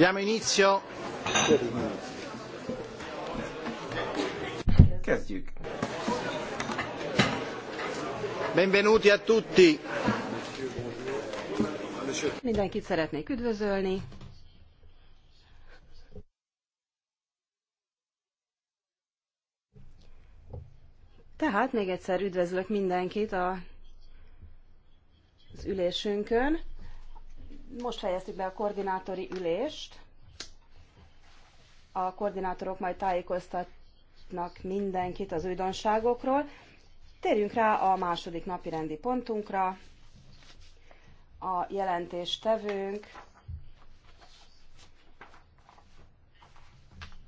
Diamo inizio. Kezdjük. Benvenuti a tutti. Mindenkit szeretnék üdvözölni. Tehát még egyszer üdvözlök mindenkit a, az ülésünkön most fejeztük be a koordinátori ülést. A koordinátorok majd tájékoztatnak mindenkit az újdonságokról. Térjünk rá a második napi rendi pontunkra. A jelentéstevőnk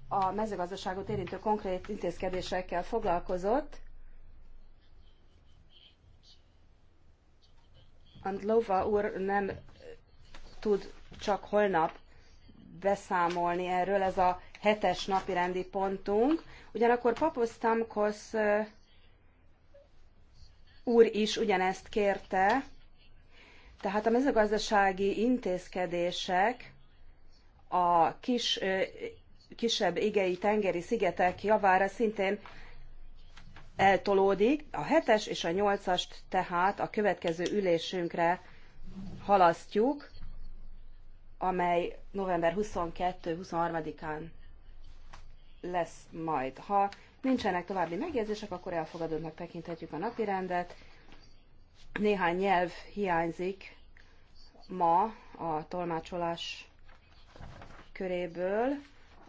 a mezőgazdaságot érintő konkrét intézkedésekkel foglalkozott. Andlova úr nem tud csak holnap beszámolni erről, ez a hetes napi rendi pontunk. Ugyanakkor Papusztamkosz úr is ugyanezt kérte, tehát a mezőgazdasági intézkedések a kis, kisebb igei tengeri szigetek javára szintén eltolódik. A hetes és a nyolcast tehát a következő ülésünkre halasztjuk amely november 22-23-án lesz majd. Ha nincsenek további megjegyzések, akkor elfogadottnak tekinthetjük a rendet. Néhány nyelv hiányzik ma a tolmácsolás köréből.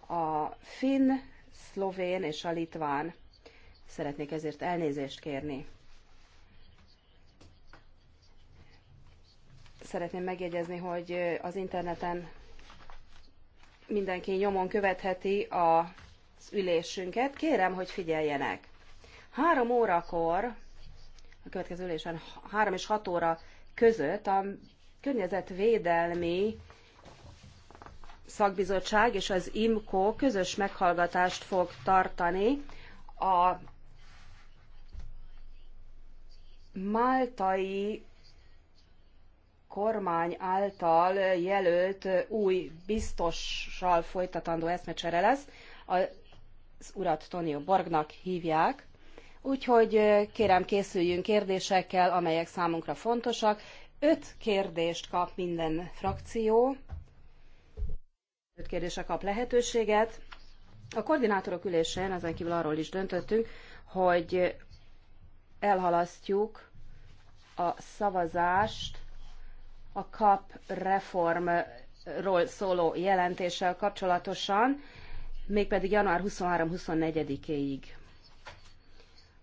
A finn, szlovén és a litván. Szeretnék ezért elnézést kérni. szeretném megjegyezni, hogy az interneten mindenki nyomon követheti az ülésünket. Kérem, hogy figyeljenek. Három órakor, a következő ülésen három és hat óra között a környezetvédelmi szakbizottság és az IMCO közös meghallgatást fog tartani a máltai kormány által jelölt új biztossal folytatandó eszmecsere lesz. Az urat Tonio Borgnak hívják. Úgyhogy kérem készüljünk kérdésekkel, amelyek számunkra fontosak. Öt kérdést kap minden frakció. Öt kérdésre kap lehetőséget. A koordinátorok ülésén ezen kívül arról is döntöttünk, hogy elhalasztjuk a szavazást a kap reformról szóló jelentéssel kapcsolatosan, mégpedig január 23-24-éig.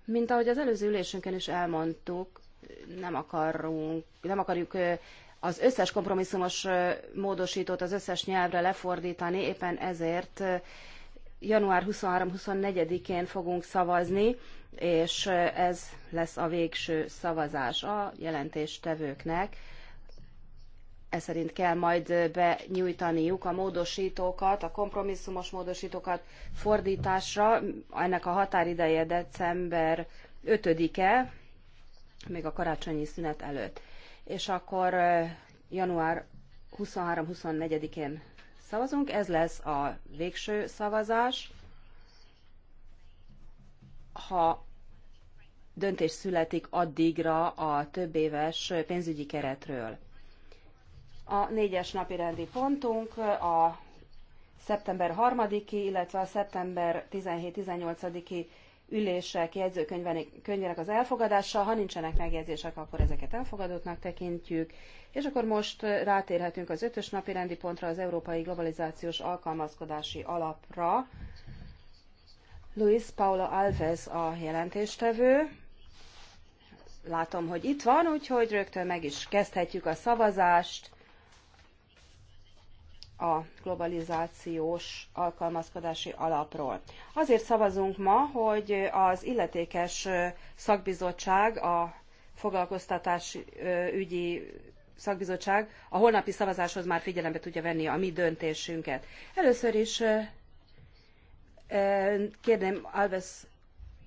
Mint ahogy az előző ülésünkön is elmondtuk, nem, akarunk, nem akarjuk az összes kompromisszumos módosítót az összes nyelvre lefordítani, éppen ezért január 23-24-én fogunk szavazni, és ez lesz a végső szavazás a jelentéstevőknek ez szerint kell majd benyújtaniuk a módosítókat, a kompromisszumos módosítókat fordításra. Ennek a határideje december 5-e, még a karácsonyi szünet előtt. És akkor január 23-24-én szavazunk, ez lesz a végső szavazás. Ha döntés születik addigra a több éves pénzügyi keretről. A négyes napi rendi pontunk a szeptember 3-i, illetve a szeptember 17-18-i ülések jegyzőkönyvének az elfogadása. Ha nincsenek megjegyzések, akkor ezeket elfogadottnak tekintjük. És akkor most rátérhetünk az ötös napi rendi pontra, az Európai Globalizációs Alkalmazkodási Alapra. Luis Paulo Alves a jelentéstevő. Látom, hogy itt van, úgyhogy rögtön meg is kezdhetjük a szavazást a globalizációs alkalmazkodási alapról. Azért szavazunk ma, hogy az illetékes szakbizottság, a foglalkoztatás ügyi szakbizottság a holnapi szavazáshoz már figyelembe tudja venni a mi döntésünket. Először is kérném Alves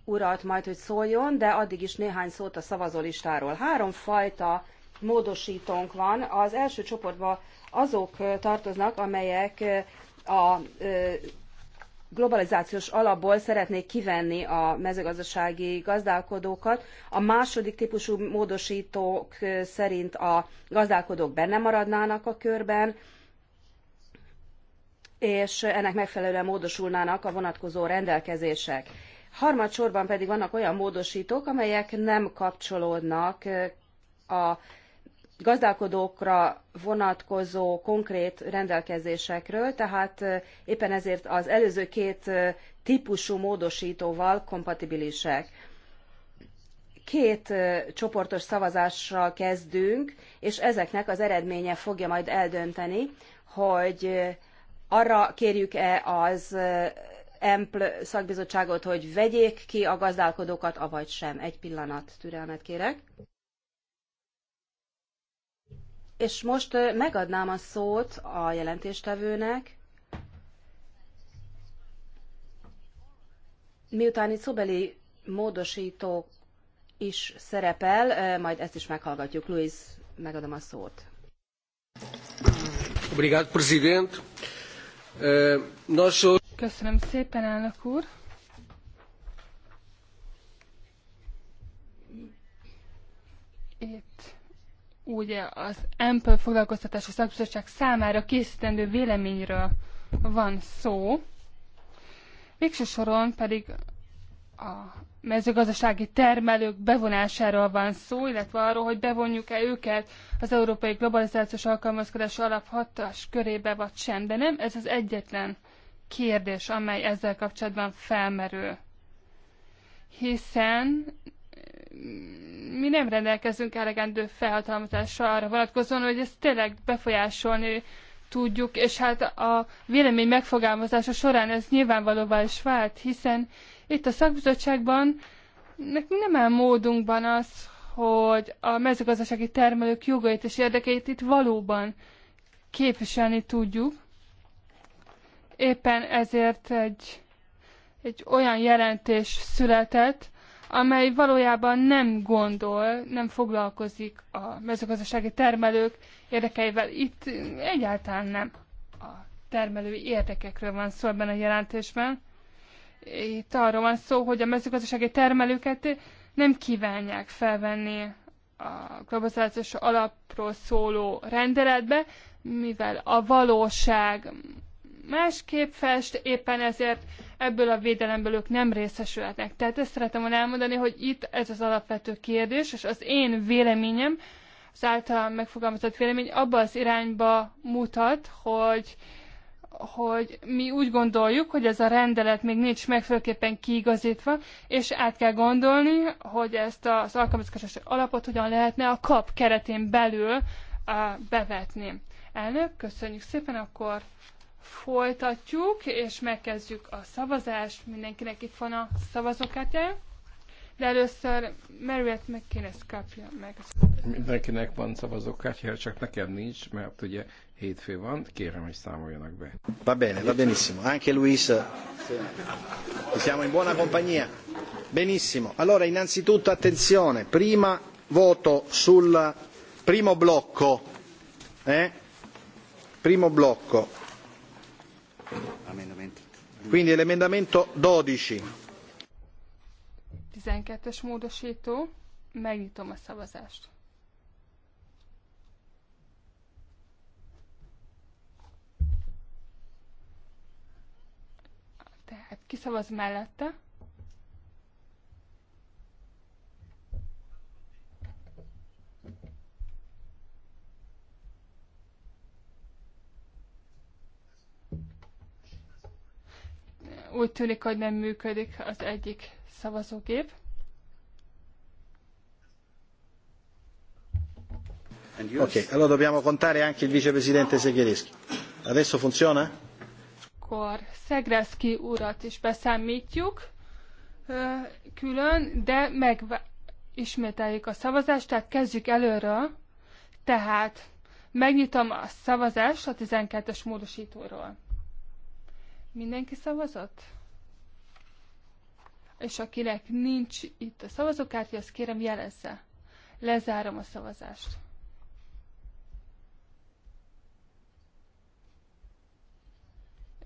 urat majd, hogy szóljon, de addig is néhány szót a szavazólistáról. Három fajta módosítónk van. Az első csoportban azok tartoznak, amelyek a globalizációs alapból szeretnék kivenni a mezőgazdasági gazdálkodókat. A második típusú módosítók szerint a gazdálkodók benne maradnának a körben, és ennek megfelelően módosulnának a vonatkozó rendelkezések. Harmadsorban pedig vannak olyan módosítók, amelyek nem kapcsolódnak a gazdálkodókra vonatkozó konkrét rendelkezésekről, tehát éppen ezért az előző két típusú módosítóval kompatibilisek. Két csoportos szavazással kezdünk, és ezeknek az eredménye fogja majd eldönteni, hogy arra kérjük-e az EMPL szakbizottságot, hogy vegyék ki a gazdálkodókat, avagy sem. Egy pillanat türelmet kérek. És most megadnám a szót a jelentéstevőnek, miután itt szobeli módosító is szerepel, majd ezt is meghallgatjuk. Luis, megadom a szót. Köszönöm szépen, elnök úr. Itt ugye az EMPL foglalkoztatási szakbizottság számára készítendő véleményről van szó. Végső soron pedig a mezőgazdasági termelők bevonásáról van szó, illetve arról, hogy bevonjuk-e őket az európai globalizációs alkalmazkodás alap hatás körébe vagy sem, de nem ez az egyetlen kérdés, amely ezzel kapcsolatban felmerül. Hiszen mi nem rendelkezünk elegendő felhatalmazással arra vonatkozóan, hogy ezt tényleg befolyásolni tudjuk, és hát a vélemény megfogalmazása során ez nyilvánvalóvá is vált, hiszen itt a szakbizottságban nekünk nem áll módunkban az, hogy a mezőgazdasági termelők jogait és érdekeit itt valóban képviselni tudjuk. Éppen ezért egy, egy olyan jelentés született, amely valójában nem gondol, nem foglalkozik a mezőgazdasági termelők érdekeivel. Itt egyáltalán nem a termelői érdekekről van szó ebben a jelentésben. Itt arról van szó, hogy a mezőgazdasági termelőket nem kívánják felvenni a globalizációs alapról szóló rendeletbe, mivel a valóság másképp fest, éppen ezért ebből a védelemből ők nem részesülhetnek. Tehát ezt szeretem volna elmondani, hogy itt ez az alapvető kérdés, és az én véleményem, az általam megfogalmazott vélemény abba az irányba mutat, hogy hogy mi úgy gondoljuk, hogy ez a rendelet még nincs megfelelőképpen kiigazítva, és át kell gondolni, hogy ezt az alkalmazkodási alapot hogyan lehetne a kap keretén belül bevetni. Elnök, köszönjük szépen, akkor folytatjuk, és megkezdjük a szavazást. Mindenkinek itt van a szavazókártyája. De először Marriott McKinnis kapja meg. Mindenkinek van szavazókártyája, csak nekem nincs, mert ugye hétfő van, kérem, hogy számoljanak be. Va bene, va benissimo. Anche Luis, eh, siamo in buona compagnia. Benissimo. Allora, innanzitutto, attenzione, prima voto sul primo blocco. Eh? Primo blocco Quindi l'emendamento 12. 12-es módosító. Megnyitom a szavazást. Tehát kiszavaz mellette. úgy tűnik, hogy nem működik az egyik szavazógép. Ok, allora dobbiamo contare anche il vicepresidente Seghereschi. Adesso funziona? Akkor Szegreszki urat is beszámítjuk külön, de meg ismételjük a szavazást, tehát kezdjük előről. Tehát megnyitom a szavazást a 12-es módosítóról. Mindenki szavazott? És akinek nincs itt a szavazókártya, azt kérem jelezze. Lezárom a szavazást.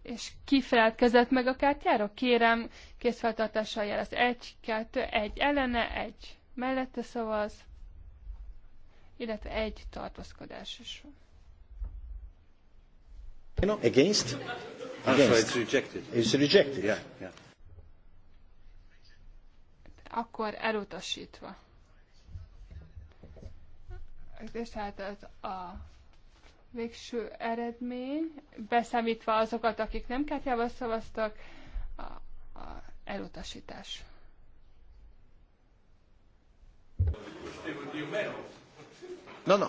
és feledkezett meg a kártyára? Kérem, készfeltartással jelez. Egy, kettő, egy ellene, egy mellette szavaz, illetve egy tartózkodás is van. No, against? Ah, against. So it's rejected. It's rejected. Yeah, yeah. Akkor elutasítva. És hát az a végső eredmény, beszámítva azokat, akik nem kártyával szavaztak, a, a elutasítás. No, no.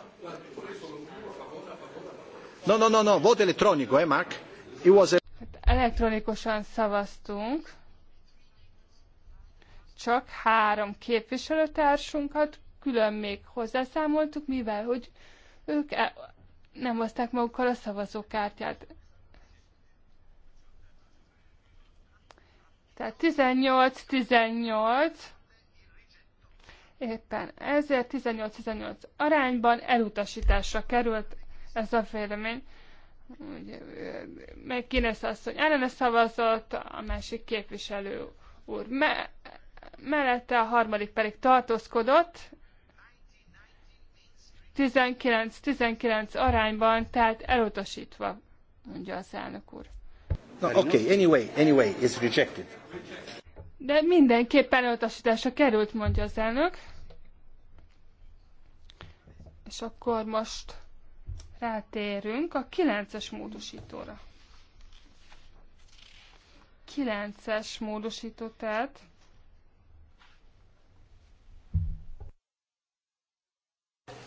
Eh, hát elektronikusan szavaztunk. Csak három képviselőtársunkat külön még hozzászámoltuk, mivel hogy ők nem hozták magukkal a szavazókártyát. Tehát 18-18, éppen ezért 18-18 arányban elutasításra került ez a vélemény. Meg Kines asszony ellene szavazott, a másik képviselő úr me- mellette, a harmadik pedig tartózkodott. 19-19 arányban, tehát elutasítva, mondja az elnök úr. No, okay, anyway, anyway, it's rejected. De mindenképpen elutasításra került, mondja az elnök. És akkor most Rátérünk a 9-es módosítóra. 9-es módosító, tehát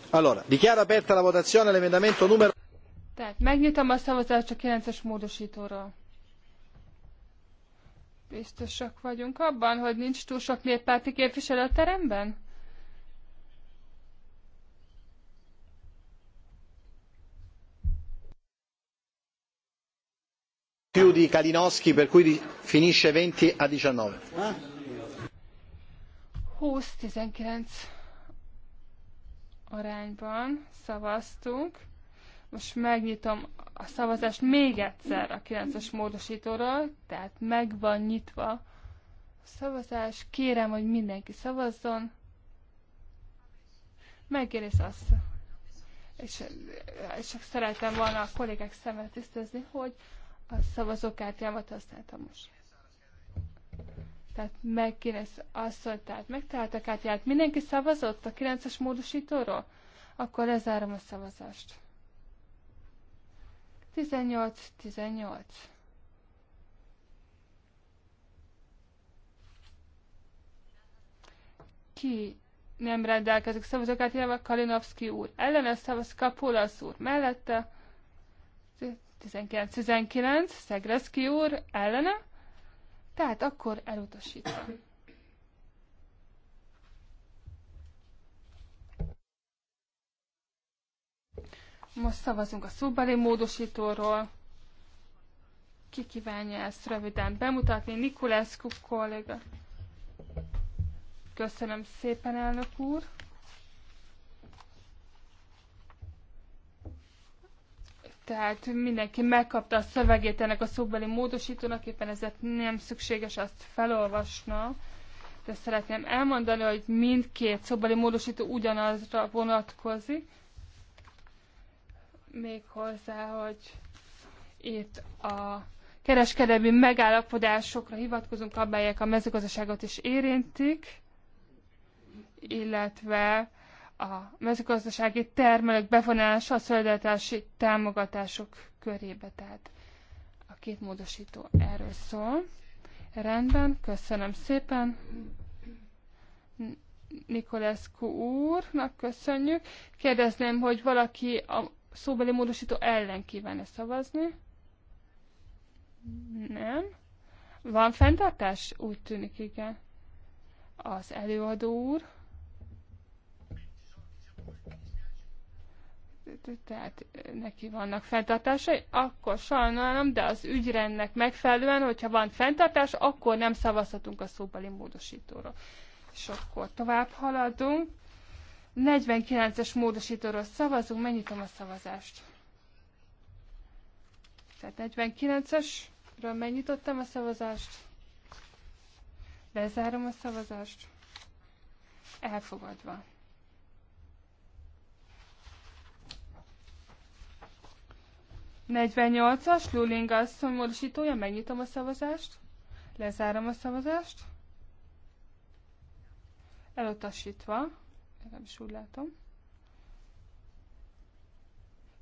Allora, dichiaro aperta la votazione all'emendamento numero... Tehát megnyitom a szavazást a 9-es módosítóról. Biztosak vagyunk abban, hogy nincs túl sok néppárti képviselő a teremben? più Kalinowski per cui finisce 20 a 19. 20-19 arányban szavaztunk. Most megnyitom a szavazást még egyszer a 9-es módosítóról, tehát meg van nyitva a szavazás. Kérem, hogy mindenki szavazzon. Megérész azt. És, és szeretem volna a kollégák szemet tisztázni, hogy a szavazókártyámat használtam most. Tehát meg azt, hogy tehát megtalált a kártyát. Mindenki szavazott a 9-es módosítóról? Akkor lezárom a szavazást. 18-18. Ki nem rendelkezik szavazókártyával? Kalinowski úr. Ellene szavaz Kapulasz úr. Mellette 19-19, Szegreszki úr ellene, tehát akkor elutasítom. Most szavazunk a szóbeli módosítóról. Ki kívánja ezt röviden bemutatni? Nikolászkuk kolléga. Köszönöm szépen, elnök úr. tehát mindenki megkapta a szövegét ennek a szóbeli módosítónak, éppen ezért nem szükséges azt felolvasna, de szeretném elmondani, hogy mindkét szóbeli módosító ugyanazra vonatkozik, méghozzá, hogy itt a kereskedelmi megállapodásokra hivatkozunk, amelyek a mezőgazdaságot is érintik, illetve a mezőgazdasági termelők bevonása a szolidaritási támogatások körébe. Tehát a két módosító erről szól. Rendben, köszönöm szépen. Nikolescu úrnak köszönjük. Kérdezném, hogy valaki a szóbeli módosító ellen kívánne szavazni? Nem. Van fenntartás? Úgy tűnik, igen. Az előadó úr. tehát neki vannak fenntartásai, akkor sajnálom, de az ügyrendnek megfelelően, hogyha van fenntartás, akkor nem szavazhatunk a szóbeli módosítóról. És akkor tovább haladunk. 49-es módosítóról szavazunk, megnyitom a szavazást. Tehát 49-esről megnyitottam a szavazást. Bezárom a szavazást. Elfogadva. 48-as Luling asszony módosítója, megnyitom a szavazást, lezárom a szavazást. Elutasítva, nem is úgy látom.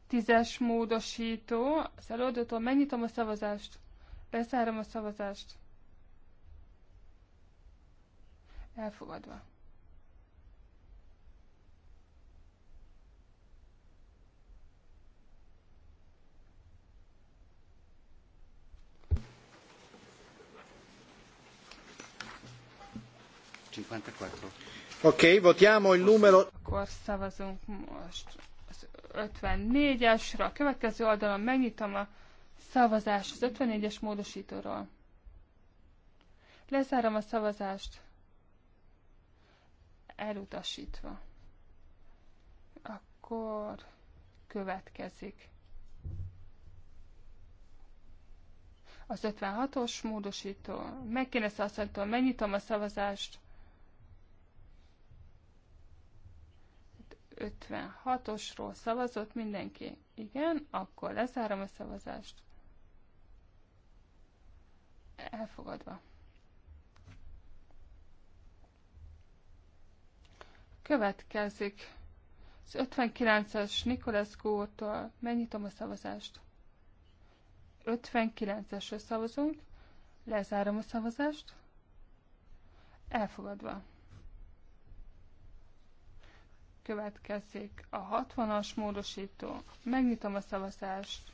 Tízes módosító, az előadótól megnyitom a szavazást, lezárom a szavazást. Elfogadva. Oké, Ok, votiamo il numero... Akkor szavazunk most az 54-esre. A következő oldalon megnyitom a szavazás, az 54-es módosítóról. Lezárom a szavazást. Elutasítva. Akkor következik. Az 56-os módosító. Megkérdezte azt, hogy megnyitom a szavazást. 56 osról szavazott mindenki. Igen, akkor lezárom a szavazást. Elfogadva. Következik az 59-es Nikolász Gótól Megnyitom a szavazást. 59-esről szavazunk. Lezárom a szavazást. Elfogadva. Következik a 60-as módosító. Megnyitom a szavazást.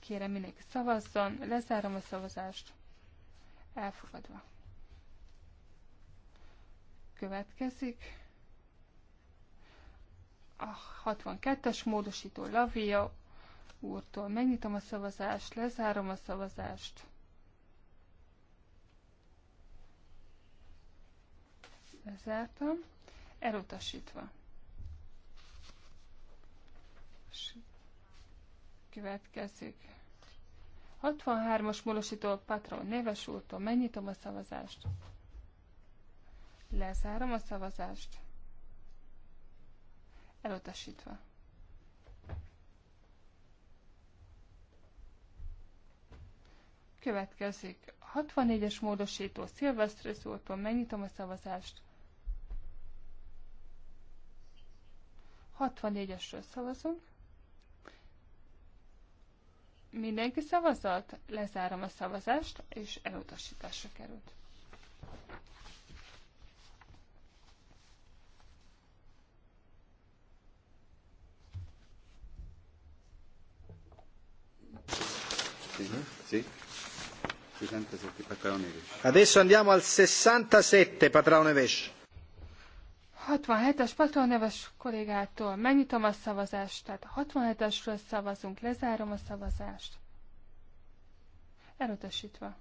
Kérem mindenki szavazzon, lezárom a szavazást. Elfogadva. Következik a 62-es módosító Lavia úrtól. Megnyitom a szavazást, lezárom a szavazást. lezártam, elutasítva. És következik. 63-as molosító patron neves úrtól. Megnyitom a szavazást. Lezárom a szavazást. Elutasítva. Következik 64-es módosító Szilvesztre úrtól. Megnyitom a szavazást. 64-esről szavazunk. Mindenki szavazott? Lezárom a szavazást, és elutasításra került. Adesso andiamo al 67, Patraone Vesce. 67-es patroneves kollégától megnyitom a szavazást, tehát a 67-esről szavazunk, lezárom a szavazást. Elutasítva.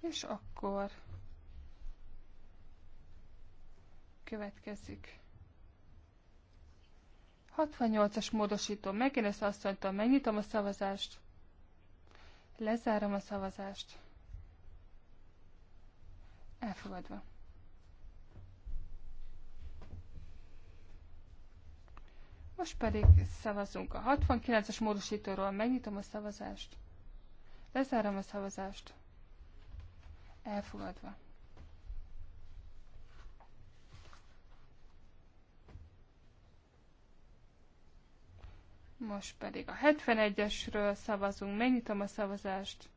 És akkor következik. 68-as módosító. Megint ezt mondtam, megnyitom a szavazást. Lezárom a szavazást. Elfogadva. Most pedig szavazunk a 69-es módosítóról. Megnyitom a szavazást. Lezárom a szavazást. Elfogadva. Most pedig a 71-esről szavazunk. Megnyitom a szavazást.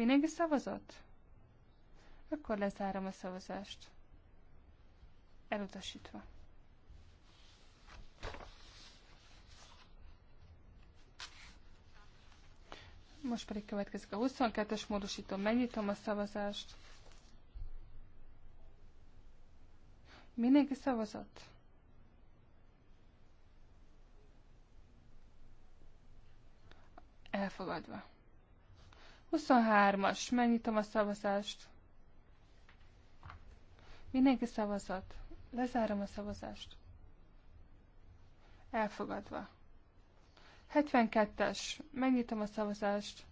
Mindenki szavazott? Akkor lezárom a szavazást. Elutasítva. Most pedig következik a 22-es módosító. Megnyitom a szavazást. Mindenki szavazott? Elfogadva. 23-as. Megnyitom a szavazást. Mindenki szavazat. Lezárom a szavazást. Elfogadva. 72-es. Megnyitom a szavazást.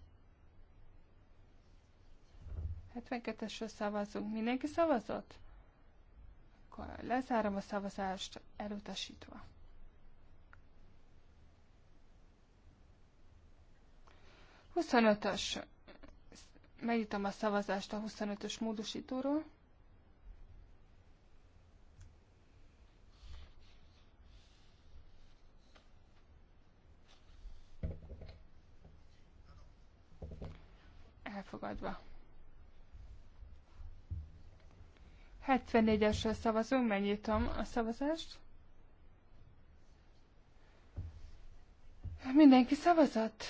72-esről szavazunk. Mindenki szavazott? Akkor lezárom a szavazást elutasítva. Huszonötös. Megnyitom a szavazást a 25-ös módosítóról. Elfogadva. 74 esre szavazunk, megnyitom a szavazást. Mindenki szavazott?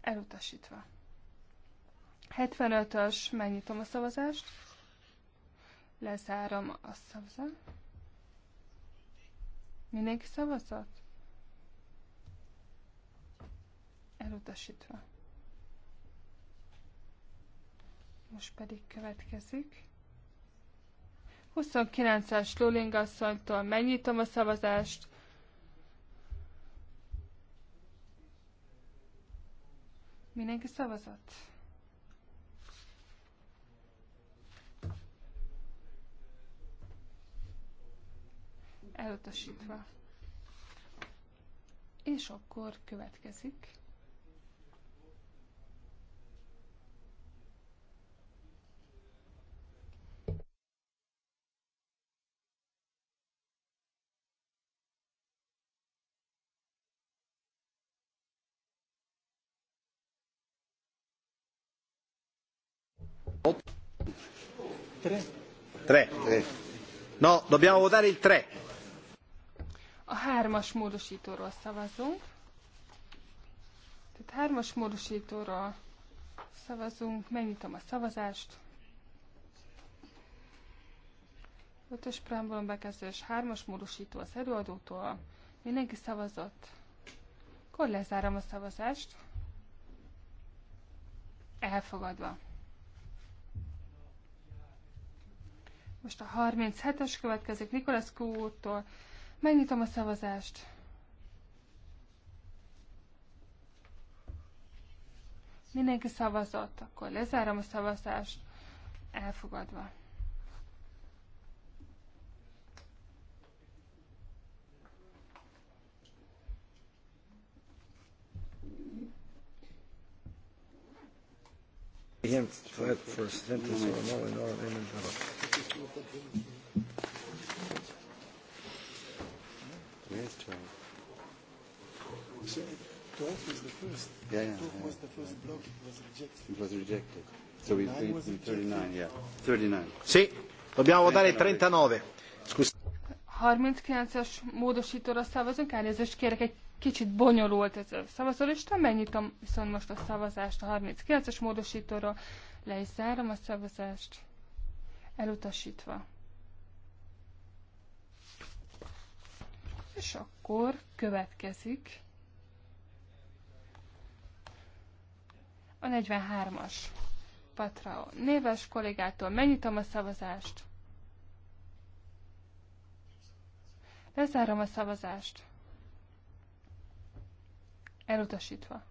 Elutasítva. 75-ös, megnyitom a szavazást. Lezárom a szavazást. Mindenki szavazott? Elutasítva. Most pedig következik. 29-es Lulingasszonytól megnyitom a szavazást. Mindenki szavazott? Elutasítva. És akkor következik. Tre. Tre. Tre. dobbiamo votare il tre. A hármas módosítóról szavazunk. Tehát hármas módosítóról szavazunk, megnyitom a szavazást. Ötös preambulum bekezdés, hármas módosító az előadótól. Mindenki szavazott. Akkor lezárom a szavazást. Elfogadva. Most a 37-es következik Nikolaszkó úrtól. Megnyitom a szavazást. Mindenki szavazott, akkor lezárom a szavazást. Elfogadva. Ilyen, first sentence, no, no, no, no, no, no. Where's 12? Yeah, yeah, yeah. It was rejected. So we, 39, yeah. 39. dobbiamo votare 39. 39 módosítóra szavazunk, elnézést kérek, egy kicsit bonyolult ez a szavazólista, megnyitom viszont most a szavazást a 39-es módosítóra, le is zárom a szavazást elutasítva. És akkor következik a 43-as Patrao néves kollégától. Megnyitom a szavazást. Lezárom a szavazást. Elutasítva.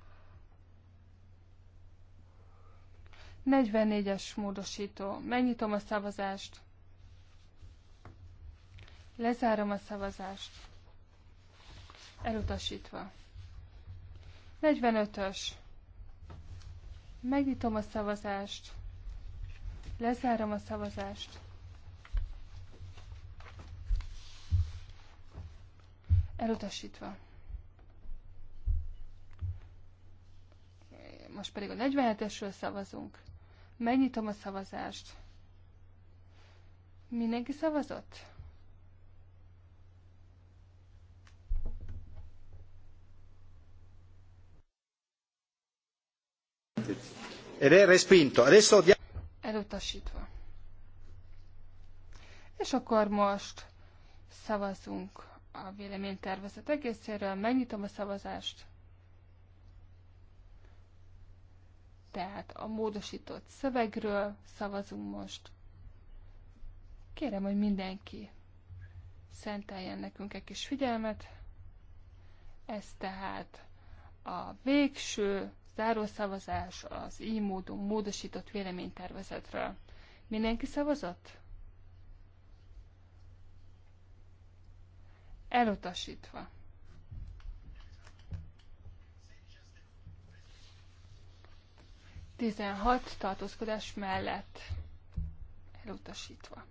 44-es módosító. Megnyitom a szavazást. Lezárom a szavazást. Elutasítva. 45-ös. Megnyitom a szavazást. Lezárom a szavazást. Elutasítva. Most pedig a 47-esről szavazunk. Megnyitom a szavazást. Mindenki szavazott? Elutasítva. És akkor most szavazunk a véleménytervezet egészéről. Megnyitom a szavazást. Tehát a módosított szövegről szavazunk most. Kérem, hogy mindenki szenteljen nekünk egy kis figyelmet. Ez tehát a végső zárószavazás az így módon módosított véleménytervezetről. Mindenki szavazott? Elutasítva. 16 tartózkodás mellett elutasítva.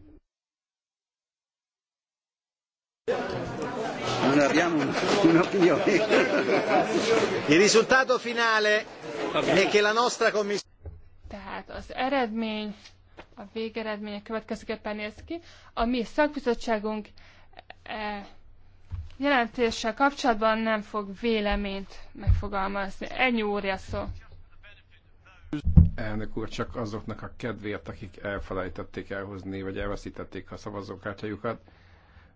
Non abbiamo un'opinione. Il risultato finale è che la nostra commissione. Tehát az eredmény, a a következőképpen néz ki. A mi szakbizottságunk e, jelentéssel kapcsolatban nem fog véleményt megfogalmazni. Ennyi óriás szó. Elnök úr, csak azoknak a kedvéért, akik elfelejtették elhozni, vagy elveszítették a szavazókártyájukat,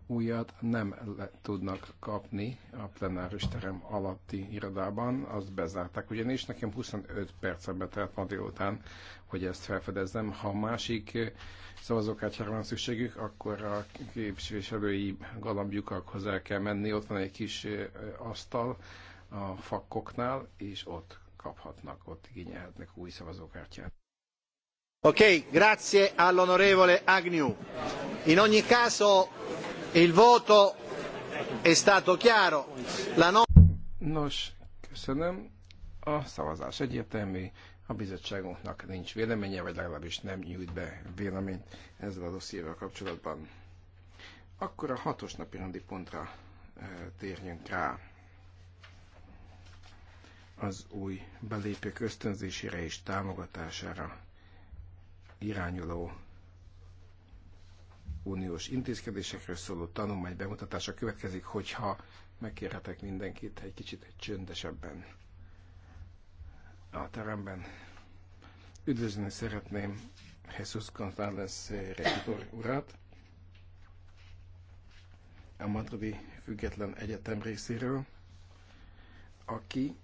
újat nem le- tudnak kapni a plenáris terem alatti irodában, azt bezárták. Ugyanis nekem 25 percet betelt ma délután, hogy ezt felfedezzem. Ha másik szavazókártyára van szükségük, akkor a képviselői galambjukakhoz el kell menni. Ott van egy kis asztal a fakkoknál, és ott kaphatnak, ott igényelhetnek új szavazókártyát. Ok, grazie all'onorevole Agnew. In ogni caso il voto è stato chiaro. La no... Nos, köszönöm. A szavazás egyértelmű, a bizottságunknak nincs véleménye, vagy legalábbis nem nyújt be véleményt ezzel a dossziével kapcsolatban. Akkor a hatos napi rendi pontra e, térjünk rá az új belépők ösztönzésére és támogatására irányuló uniós intézkedésekről szóló tanulmány bemutatása következik, hogyha megkérhetek mindenkit egy kicsit csöndesebben a teremben. Üdvözlni szeretném Jesus González rektor urat, a Madridi Független Egyetem részéről, aki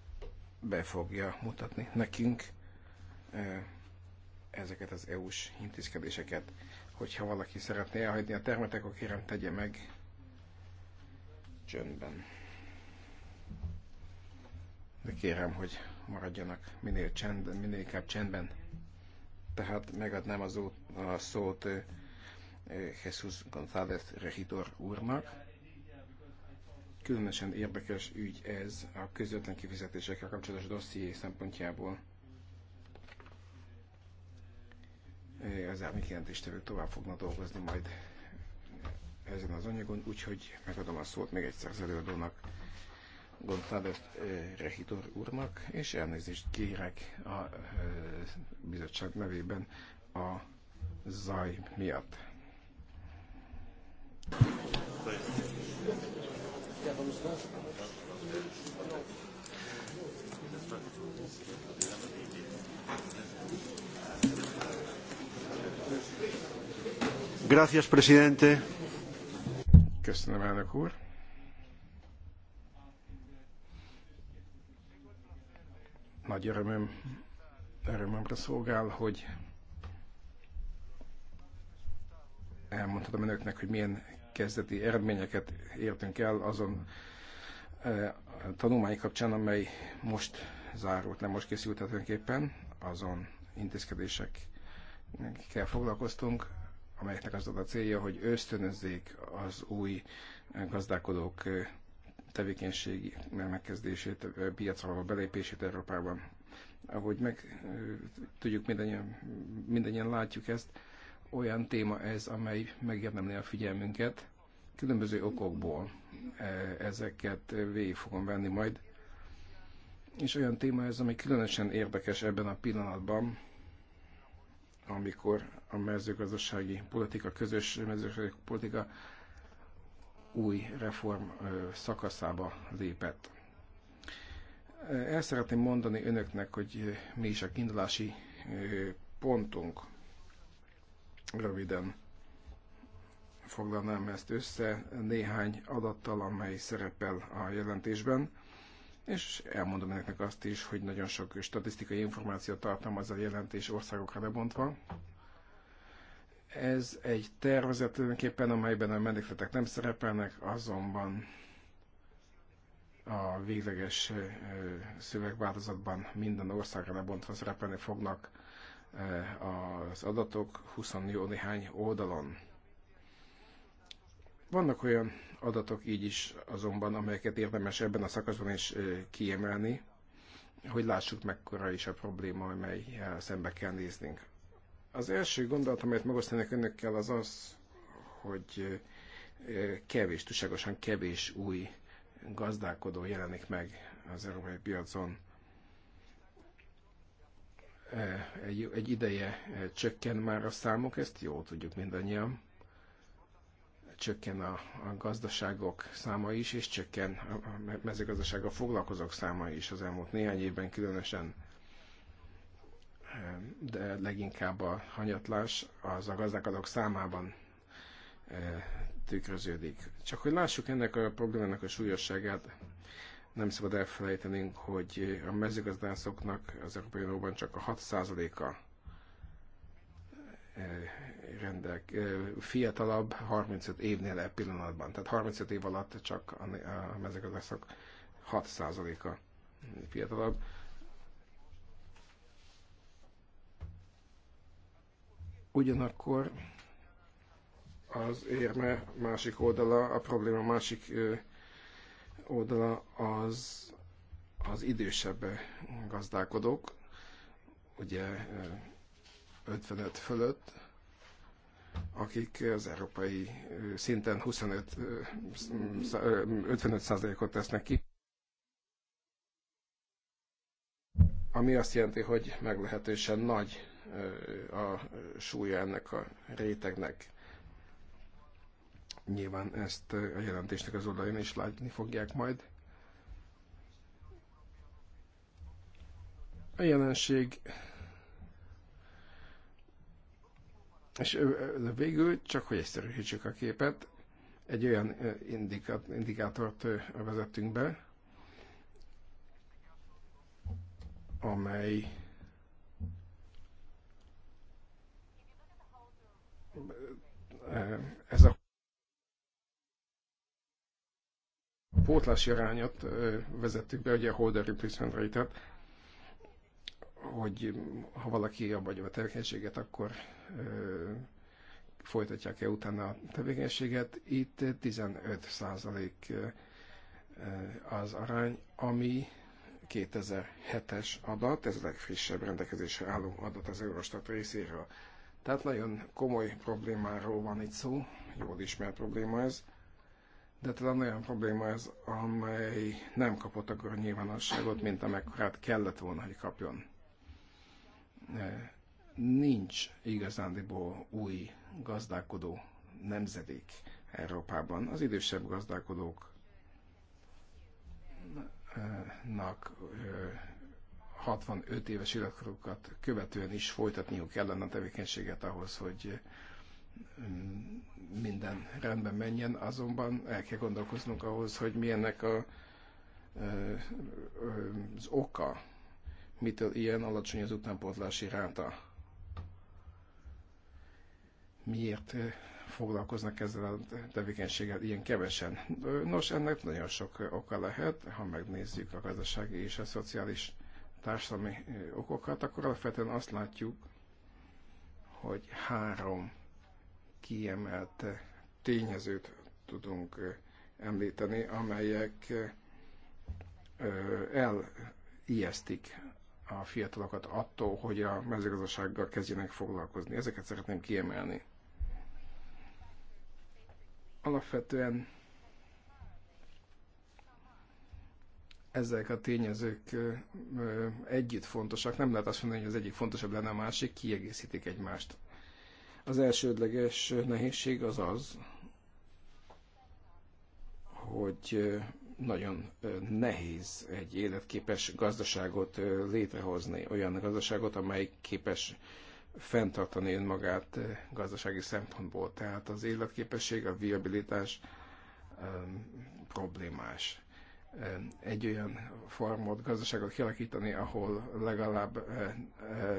be fogja mutatni nekünk ezeket az EU-s intézkedéseket. Hogyha valaki szeretné elhagyni a termet, akkor kérem tegye meg csöndben. De kérem, hogy maradjanak minél, csend, minél inkább csendben. Tehát megadnám az ó, a szót Jesus González Regidor úrnak Különösen érdekes ügy ez a közvetlen kifizetésekkel kapcsolatos dosszié szempontjából. Az állami jelentéstevők tovább fognak dolgozni majd ezen az anyagon, úgyhogy megadom a szót még egyszer az előadónak, González Rehitor úrnak, és elnézést kérek a bizottság nevében a zaj miatt. Gracias, presidente. Köszönöm, elnök úr. Nagy örömöm, örömömre szolgál, hogy elmondhatom önöknek, hogy milyen kezdeti eredményeket értünk el azon eh, tanulmány kapcsán, amely most zárult, nem most készült tulajdonképpen, azon intézkedésekkel foglalkoztunk, amelyeknek az a célja, hogy ösztönözzék az új gazdálkodók eh, tevékenységi megkezdését, eh, piacra a belépését Európában. Ahogy meg tudjuk, mindannyian, mindannyian látjuk ezt, olyan téma ez, amely megérdemli a figyelmünket különböző okokból. E, ezeket végig fogom venni majd. És olyan téma ez, ami különösen érdekes ebben a pillanatban, amikor a mezőgazdasági politika, közös mezőgazdasági politika új reform szakaszába lépett. E, el szeretném mondani önöknek, hogy mi is a kiindulási pontunk Röviden foglalnám ezt össze néhány adattal, amely szerepel a jelentésben, és elmondom önöknek azt is, hogy nagyon sok statisztikai információ tartalmaz a jelentés országokra lebontva. Ez egy tervezet tulajdonképpen, amelyben a menekültek nem szerepelnek, azonban a végleges szövegváltozatban minden országra lebontva szerepelni fognak Eh, az adatok 20 jó néhány oldalon. Vannak olyan adatok így is azonban, amelyeket érdemes ebben a szakaszban is eh, kiemelni, hogy lássuk mekkora is a probléma, amely szembe kell néznünk. Az első gondolat, amelyet megosztanak önökkel, az az, hogy eh, kevés, túlságosan kevés új gazdálkodó jelenik meg az európai piacon. E, egy, egy ideje e, csökken már a számok, ezt jó tudjuk mindannyian. Csökken a, a gazdaságok száma is, és csökken a mezőgazdasággal foglalkozók száma is az elmúlt néhány évben különösen. E, de leginkább a hanyatlás az a gazdálkodók számában tükröződik. Csak hogy lássuk ennek a problémának a súlyosságát, nem szabad elfelejtenünk, hogy a mezőgazdászoknak az Európai Unióban csak a 6%-a eh, rendek, eh, fiatalabb 35 évnél e pillanatban. Tehát 35 év alatt csak a mezőgazdászok 6%-a fiatalabb. Ugyanakkor az érme másik oldala, a probléma másik eh, oldala az az idősebb gazdálkodók, ugye 55 fölött, akik az európai szinten 25, 55 ot tesznek ki. Ami azt jelenti, hogy meglehetősen nagy a súlya ennek a rétegnek. Nyilván ezt a jelentésnek az oldalon is látni fogják majd. A jelenség és végül, csak hogy egyszerűsítsük a képet, egy olyan indikátort vezettünk be, amely ez a pótlási arányat vezettük be, ugye a holder replacement rate hogy ha valaki abba a tevékenységet, akkor folytatják-e utána a tevékenységet. Itt 15 százalék az arány, ami 2007-es adat, ez a legfrissebb rendelkezésre álló adat az Eurostat részéről. Tehát nagyon komoly problémáról van itt szó, jól ismert probléma ez de talán olyan probléma ez, amely nem kapott akkor nyilvánosságot, mint amekkorát kellett volna, hogy kapjon. E, nincs igazándiból új gazdálkodó nemzedék Európában. Az idősebb gazdálkodóknak e, 65 e, éves életkorukat követően is folytatniuk kellene a tevékenységet ahhoz, hogy minden rendben menjen, azonban el kell gondolkoznunk ahhoz, hogy milyennek a, az oka, mitől ilyen alacsony az utánpótlási ráta. Miért foglalkoznak ezzel a tevékenységgel ilyen kevesen? Nos, ennek nagyon sok oka lehet, ha megnézzük a gazdasági és a szociális társadalmi okokat, akkor alapvetően azt látjuk, hogy három kiemelt tényezőt tudunk említeni, amelyek elijesztik a fiatalokat attól, hogy a mezőgazdasággal kezdjenek foglalkozni. Ezeket szeretném kiemelni. Alapvetően ezek a tényezők együtt fontosak. Nem lehet azt mondani, hogy az egyik fontosabb lenne a másik, kiegészítik egymást. Az elsődleges nehézség az az, hogy nagyon nehéz egy életképes gazdaságot létrehozni, olyan gazdaságot, amely képes fenntartani önmagát gazdasági szempontból. Tehát az életképesség, a viabilitás problémás. Egy olyan farmot, gazdaságot kialakítani, ahol legalább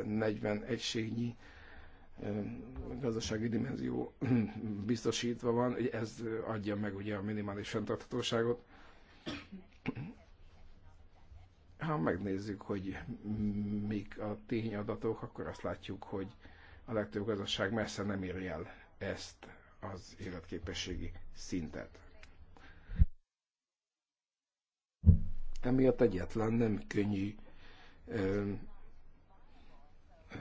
40 egységnyi gazdasági dimenzió biztosítva van, hogy ez adja meg ugye a minimális fenntarthatóságot. Ha megnézzük, hogy mik a tényadatok, akkor azt látjuk, hogy a legtöbb gazdaság messze nem éri el ezt az életképességi szintet. Emiatt egyetlen nem könnyű ö,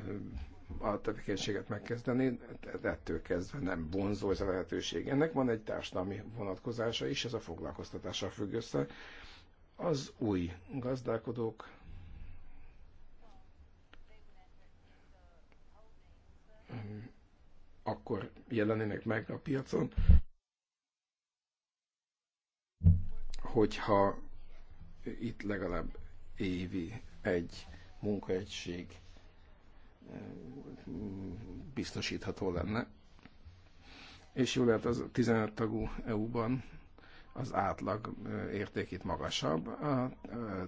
ö, a tevékenységet megkezdeni, ettől kezdve nem vonzó ez a lehetőség. Ennek van egy társadalmi vonatkozása is, ez a foglalkoztatással függ össze. Az új gazdálkodók akkor jelenének meg a piacon, hogyha itt legalább évi egy munkaegység biztosítható lenne. És jól lehet az 15 tagú EU-ban az átlag érték itt magasabb, a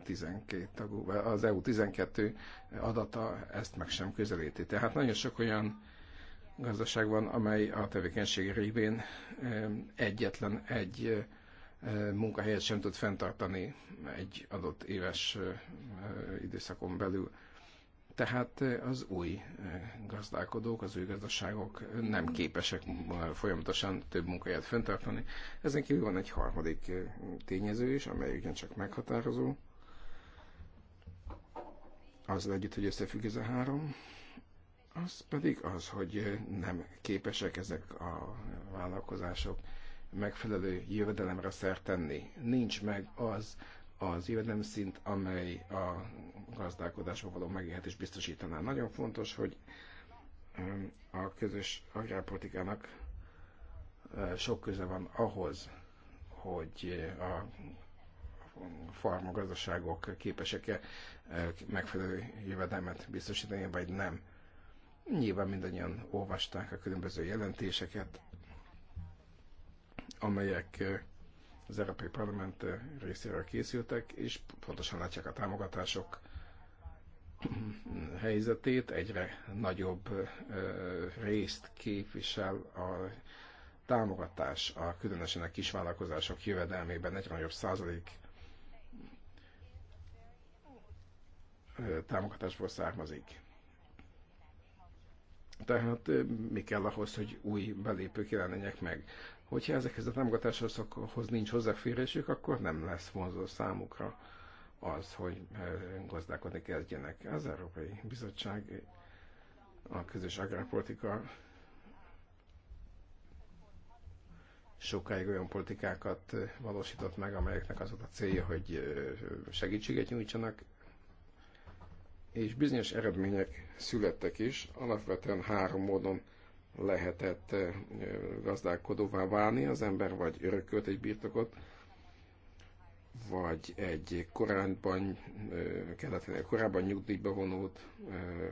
12 tagú, az EU 12 adata ezt meg sem közelíti. Tehát nagyon sok olyan gazdaság van, amely a tevékenység révén egyetlen egy munkahelyet sem tud fenntartani egy adott éves időszakon belül. Tehát az új gazdálkodók, az új gazdaságok nem képesek folyamatosan több munkáját fenntartani. Ezen kívül van egy harmadik tényező is, amely ugyancsak meghatározó. Az együtt, hogy összefügg ez a három, az pedig az, hogy nem képesek ezek a vállalkozások megfelelő jövedelemre szert tenni. Nincs meg az az jövedelemszint, amely a gazdálkodásban való megélhetés biztosítaná. Nagyon fontos, hogy um, a közös agrárpolitikának uh, sok köze van ahhoz, hogy uh, a farmagazdaságok képesek-e uh, megfelelő jövedelmet biztosítani, vagy nem. Nyilván mindannyian olvasták a különböző jelentéseket, amelyek az Európai Parlament részéről készültek, és pontosan látják a támogatások helyzetét, egyre nagyobb részt képvisel a támogatás a különösen a kisvállalkozások jövedelmében, egyre nagyobb százalék támogatásból származik. Tehát mi kell ahhoz, hogy új belépők jelenjenek meg? Hogyha ezekhez a támogatásokhoz nincs hozzáférésük, akkor nem lesz vonzó számukra az, hogy eh, gazdálkodni kezdjenek. Az Európai Bizottság a közös agrárpolitika sokáig olyan politikákat eh, valósított meg, amelyeknek az a célja, hogy eh, segítséget nyújtsanak, és bizonyos eredmények születtek is, alapvetően három módon lehetett gazdálkodóvá válni az ember, vagy örökölt egy birtokot, vagy egy korábban, kellett, korábban nyugdíjba vonult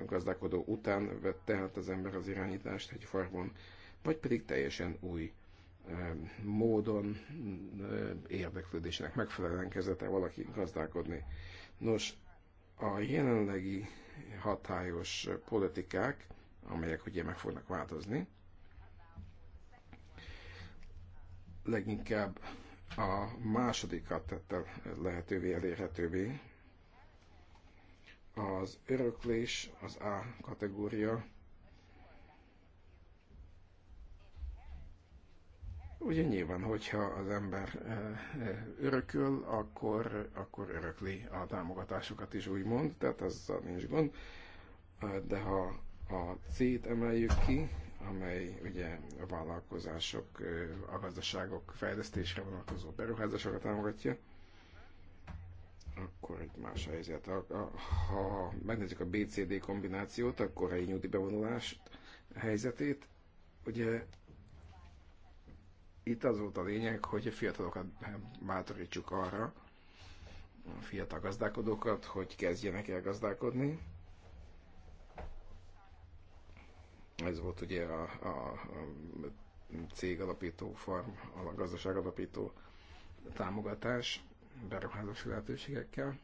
gazdálkodó után vette hát az ember az irányítást egy farmon, vagy pedig teljesen új módon érdeklődésnek megfelelően kezdett el valaki gazdálkodni. Nos, a jelenlegi hatályos politikák amelyek ugye meg fognak változni. Leginkább a másodikat tette lehetővé, elérhetővé. Az öröklés, az A kategória, Ugye nyilván, hogyha az ember eh, eh, örököl, akkor, akkor örökli a támogatásokat is, úgymond, tehát azzal nincs gond. Eh, de ha a C-t emeljük ki, amely ugye a vállalkozások, a gazdaságok fejlesztésre vonatkozó beruházásokat támogatja, akkor egy más helyzet. ha megnézzük a BCD kombinációt, akkor egy nyugdíj bevonulás helyzetét, ugye itt az volt a lényeg, hogy a fiatalokat bátorítsuk arra, a fiatal gazdálkodókat, hogy kezdjenek el gazdálkodni, Ez volt ugye a, a, a cég alapító, farm, a gazdaság alapító támogatás beruházási lehetőségekkel,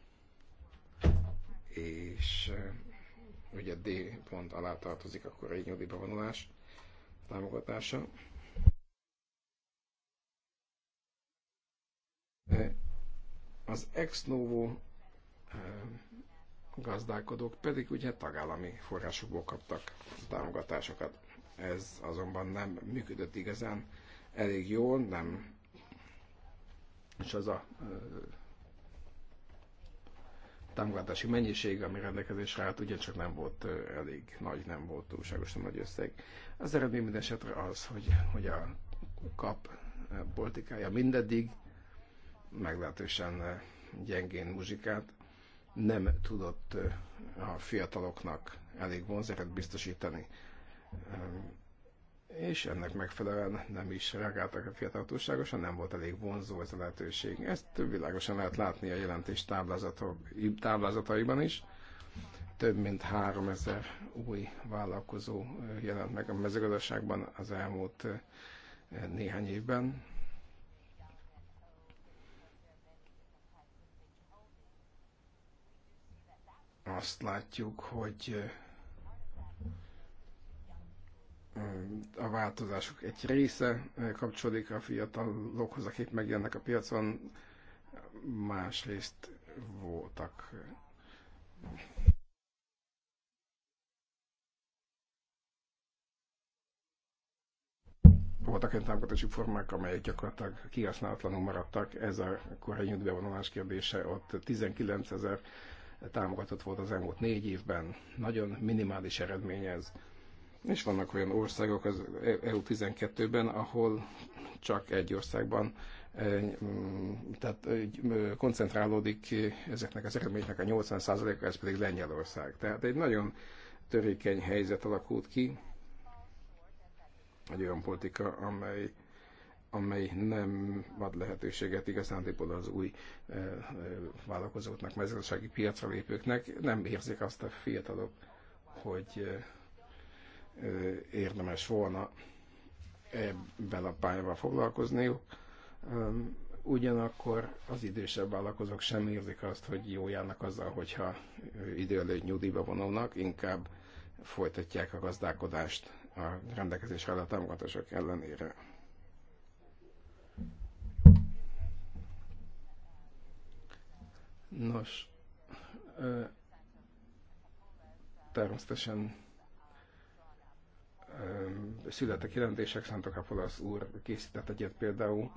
és eh, ugye D pont alá tartozik akkor a nyugdíj bevonulás támogatása. Az ex novo eh, gazdálkodók pedig ugye tagállami forrásokból kaptak támogatásokat. Ez azonban nem működött igazán elég jól, nem és az a támogatási mennyiség, ami rendelkezésre állt, ugyancsak nem volt elég nagy, nem volt túlságosan nagy összeg. Az eredmény minden esetre az, hogy, hogy a kap politikája mindeddig meglehetősen gyengén muzsikát, nem tudott a fiataloknak elég vonzeret biztosítani. És ennek megfelelően nem is reagáltak a fiatalok túlságosan, nem volt elég vonzó ez a lehetőség. Ezt világosan lehet látni a jelentés táblázataiban is. Több mint 3000 új vállalkozó jelent meg a mezőgazdaságban az elmúlt néhány évben, azt látjuk, hogy eh, a változások egy része eh, kapcsolódik a fiatalokhoz, akik megjelennek a piacon, másrészt voltak voltak olyan támogatási formák, amelyek gyakorlatilag kihasználatlanul maradtak. Ez a korai nyugdíjbevonulás kérdése, ott 19 ezer támogatott volt az elmúlt négy évben. Nagyon minimális eredmény ez. És vannak olyan országok az EU12-ben, ahol csak egy országban e, mm, tehát e, koncentrálódik ezeknek az eredményeknek a 80%-a, ez pedig Lengyelország. Tehát egy nagyon törékeny helyzet alakult ki, egy olyan politika, amely amely nem ad lehetőséget igazán az új e, e, vállalkozóknak, mezőgazdasági piacra lépőknek, nem érzik azt a fiatalok, hogy e, érdemes volna ebben a pályával foglalkozniuk. Ehm, ugyanakkor az idősebb vállalkozók sem érzik azt, hogy jó járnak azzal, hogyha idő előtt nyugdíjba vonulnak, inkább folytatják a gazdálkodást a rendelkezésre álló támogatások ellenére. Nos, természetesen születtek jelentések, Szent Akapolasz úr készített egyet például,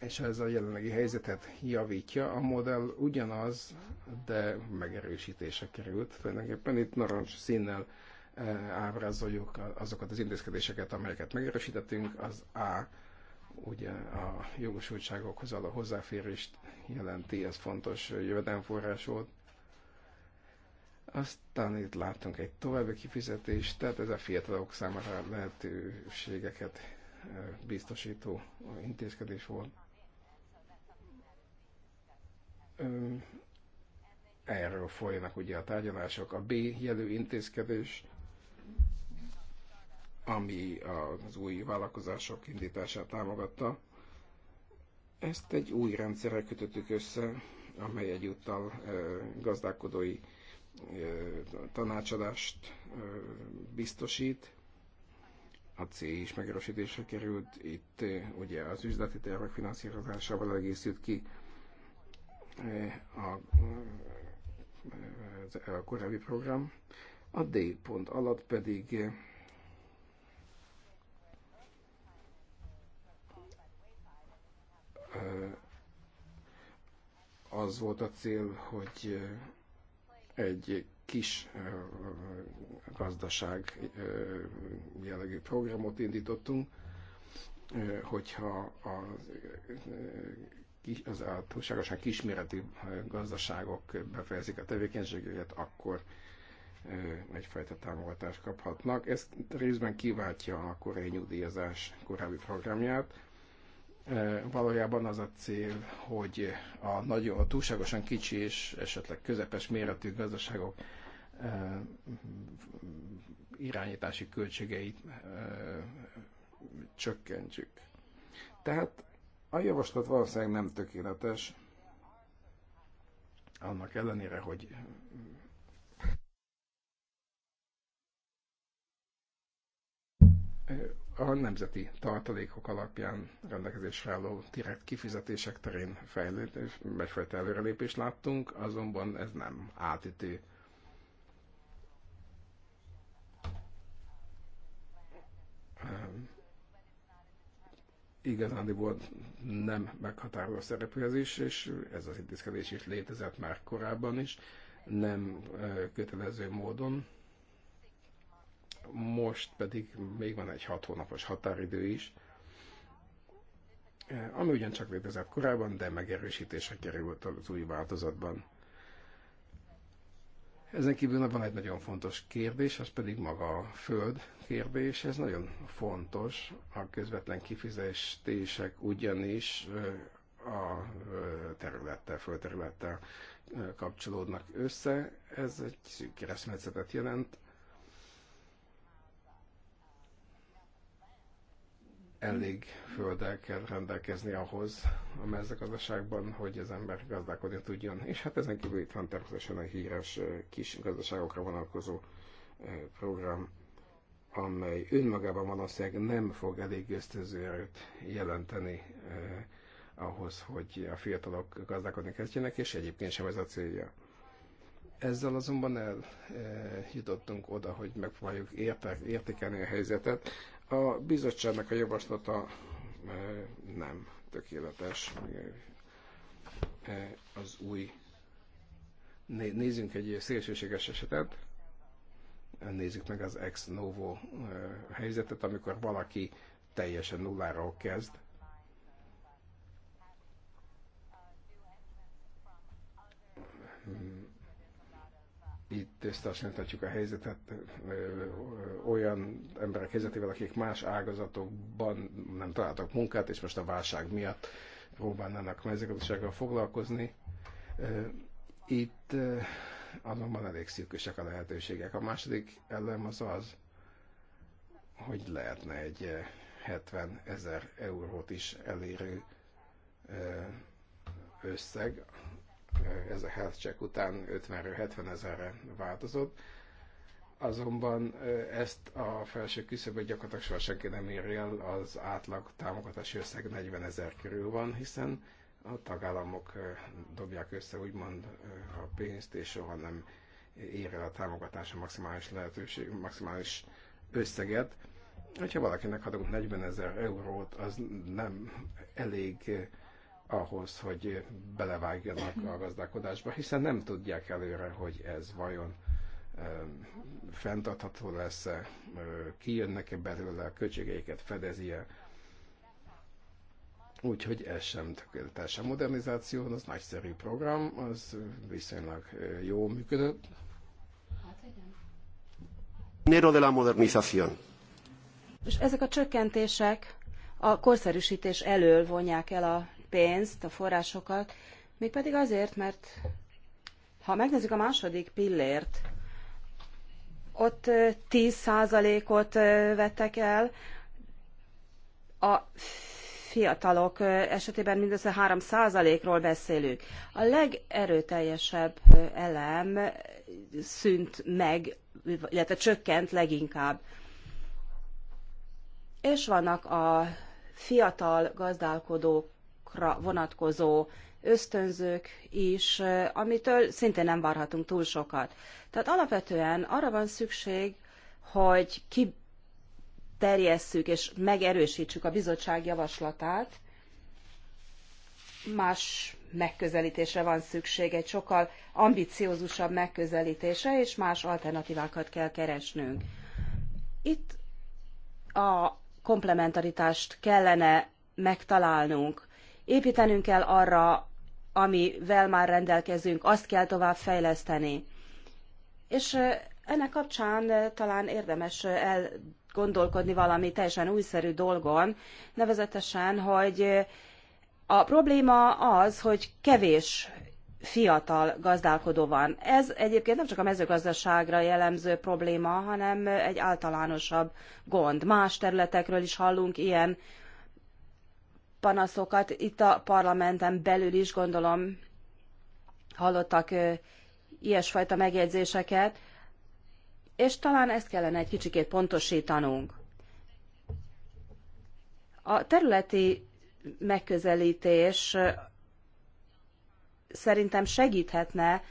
és ez a jelenlegi helyzetet javítja. A modell ugyanaz, de megerősítése került. Tulajdonképpen itt narancs színnel ábrázoljuk azokat az intézkedéseket, amelyeket megerősítettünk. Az A ugye a jogosultságokhoz a hozzáférést jelenti, ez fontos jövedelemforrás volt. Aztán itt láttunk egy további kifizetést, tehát ez a fiatalok számára lehetőségeket biztosító intézkedés volt. Erről folynak ugye a tárgyalások. A B jelű intézkedés ami az új vállalkozások indítását támogatta. Ezt egy új rendszerre kötöttük össze, amely egyúttal gazdálkodói tanácsadást biztosít. A C is megerősítésre került, itt ugye az üzleti tervek finanszírozásával egészült ki a, a korábbi program. A D pont alatt pedig az volt a cél, hogy egy kis gazdaság jellegű programot indítottunk, hogyha az, az túlságosan kisméretű gazdaságok befejezik a tevékenységüket, akkor egyfajta támogatást kaphatnak. Ez részben kiváltja a korai nyugdíjazás korábbi programját, valójában az a cél, hogy a, nagyon, a túlságosan kicsi és esetleg közepes méretű gazdaságok irányítási költségeit csökkentsük. Tehát a javaslat valószínűleg nem tökéletes, annak ellenére, hogy a nemzeti tartalékok alapján rendelkezésre álló direkt kifizetések terén fejlődés, egyfajta előrelépést láttunk, azonban ez nem átütő. Ehm, Igazándi volt nem meghatározó szereplőzés, és ez az intézkedés is létezett már korábban is, nem kötelező módon, most pedig még van egy hat hónapos határidő is, eh, ami ugyancsak létezett korábban, de megerősítésre került az új változatban. Ezen kívül van egy nagyon fontos kérdés, az pedig maga a föld kérdés. Ez nagyon fontos, a közvetlen kifizetések ugyanis eh, a eh, területtel, földterülettel kapcsolódnak össze. Ez egy szűk keresztmetszetet jelent, elég földdel kell rendelkezni ahhoz a mezőgazdaságban, hogy az ember gazdálkodni tudjon. És hát ezen kívül itt van természetesen a híres kis gazdaságokra vonalkozó program, amely önmagában valószínűleg nem fog elég ösztönző erőt jelenteni ahhoz, hogy a fiatalok gazdálkodni kezdjenek, és egyébként sem ez a célja. Ezzel azonban eljutottunk oda, hogy megpróbáljuk értek, értékelni a helyzetet, a bizottságnak a javaslata eh, nem tökéletes. Eh, az új... Nézzünk egy szélsőséges esetet. Nézzük meg az ex novo eh, helyzetet, amikor valaki teljesen nulláról kezd, itt összehasonlíthatjuk a helyzetet olyan emberek helyzetével, akik más ágazatokban nem találtak munkát, és most a válság miatt próbálnának mezőgazdasággal foglalkozni. Itt azonban elég szűkösek a lehetőségek. A második elem az az, hogy lehetne egy 70 ezer eurót is elérő összeg, ez a health check után 50-70 ezerre változott. Azonban ezt a felső küszöböt gyakorlatilag soha senki nem ér el, az átlag támogatási összeg 40 ezer körül van, hiszen a tagállamok dobják össze úgymond a pénzt, és soha nem ér el a támogatás a maximális lehetőség, maximális összeget. Hogyha valakinek adunk 40 ezer eurót, az nem elég ahhoz, hogy belevágjanak a gazdálkodásba, hiszen nem tudják előre, hogy ez vajon fenntartható lesz-e, kijönnek-e belőle, a költségeiket fedezi-e. Úgyhogy ez sem tökéletes. A modernizáció az nagyszerű program, az viszonylag jó működött. Nero de la modernización. És ezek a csökkentések a korszerűsítés elől vonják el a pénzt, a forrásokat, mégpedig azért, mert ha megnézzük a második pillért, ott 10%-ot vettek el, a fiatalok esetében mindössze 3%-ról beszélünk. A legerőteljesebb elem szűnt meg, illetve csökkent leginkább. És vannak a fiatal gazdálkodók árakra vonatkozó ösztönzők is, amitől szintén nem várhatunk túl sokat. Tehát alapvetően arra van szükség, hogy kiterjesszük és megerősítsük a bizottság javaslatát, más megközelítésre van szükség, egy sokkal ambiciózusabb megközelítésre, és más alternatívákat kell keresnünk. Itt a komplementaritást kellene megtalálnunk. Építenünk kell arra, amivel már rendelkezünk, azt kell tovább fejleszteni. És ennek kapcsán talán érdemes elgondolkodni valami teljesen újszerű dolgon, nevezetesen, hogy a probléma az, hogy kevés fiatal gazdálkodó van. Ez egyébként nem csak a mezőgazdaságra jellemző probléma, hanem egy általánosabb gond. Más területekről is hallunk ilyen panaszokat itt a parlamenten belül is gondolom hallottak ilyesfajta megjegyzéseket, és talán ezt kellene egy kicsikét pontosítanunk. A területi megközelítés szerintem segíthetne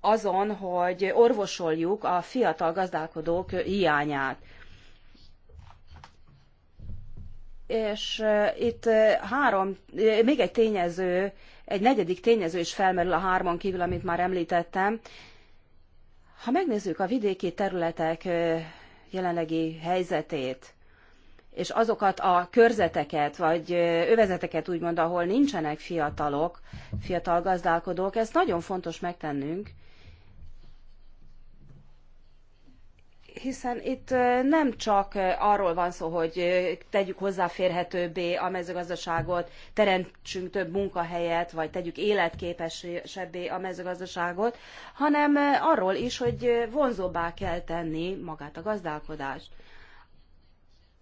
azon, hogy orvosoljuk a fiatal gazdálkodók hiányát. És eh, itt eh, három, eh, még egy tényező, egy negyedik tényező is felmerül a hárman kívül, amit már említettem. Ha megnézzük a vidéki területek jelenlegi helyzetét, és azokat a körzeteket, vagy övezeteket úgymond, ahol nincsenek fiatalok, fiatal gazdálkodók, ezt nagyon fontos megtennünk, hiszen itt nem csak arról van szó, hogy tegyük hozzáférhetőbbé a mezőgazdaságot, teremtsünk több munkahelyet, vagy tegyük életképesebbé a mezőgazdaságot, hanem arról is, hogy vonzóbbá kell tenni magát a gazdálkodást.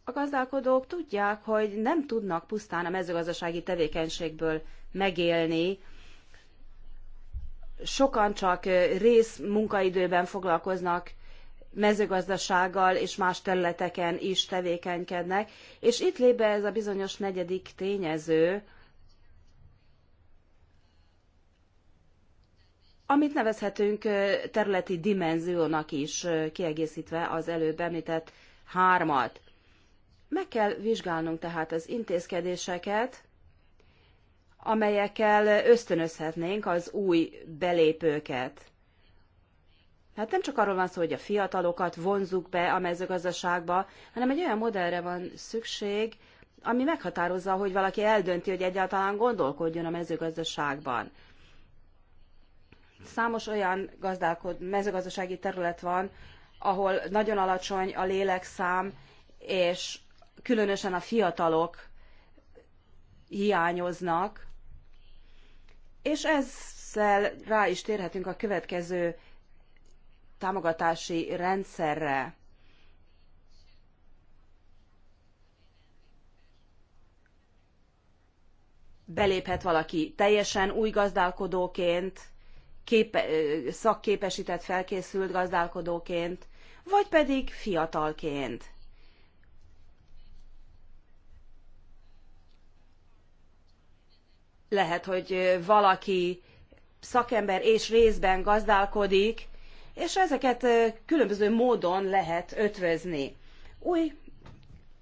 A gazdálkodók tudják, hogy nem tudnak pusztán a mezőgazdasági tevékenységből megélni, sokan csak rész munkaidőben foglalkoznak mezőgazdasággal és más területeken is tevékenykednek, és itt lép be ez a bizonyos negyedik tényező, amit nevezhetünk területi dimenziónak is, kiegészítve az előbb említett hármat. Meg kell vizsgálnunk tehát az intézkedéseket, amelyekkel ösztönözhetnénk az új belépőket. Hát nem csak arról van szó, hogy a fiatalokat vonzuk be a mezőgazdaságba, hanem egy olyan modellre van szükség, ami meghatározza, hogy valaki eldönti, hogy egyáltalán gondolkodjon a mezőgazdaságban. Számos olyan gazdálkod, mezőgazdasági terület van, ahol nagyon alacsony a lélekszám, és különösen a fiatalok hiányoznak, és ezzel rá is térhetünk a következő támogatási rendszerre. Beléphet valaki teljesen új gazdálkodóként, képe, szakképesített, felkészült gazdálkodóként, vagy pedig fiatalként. Lehet, hogy valaki szakember és részben gazdálkodik, és ezeket különböző módon lehet ötvözni. Új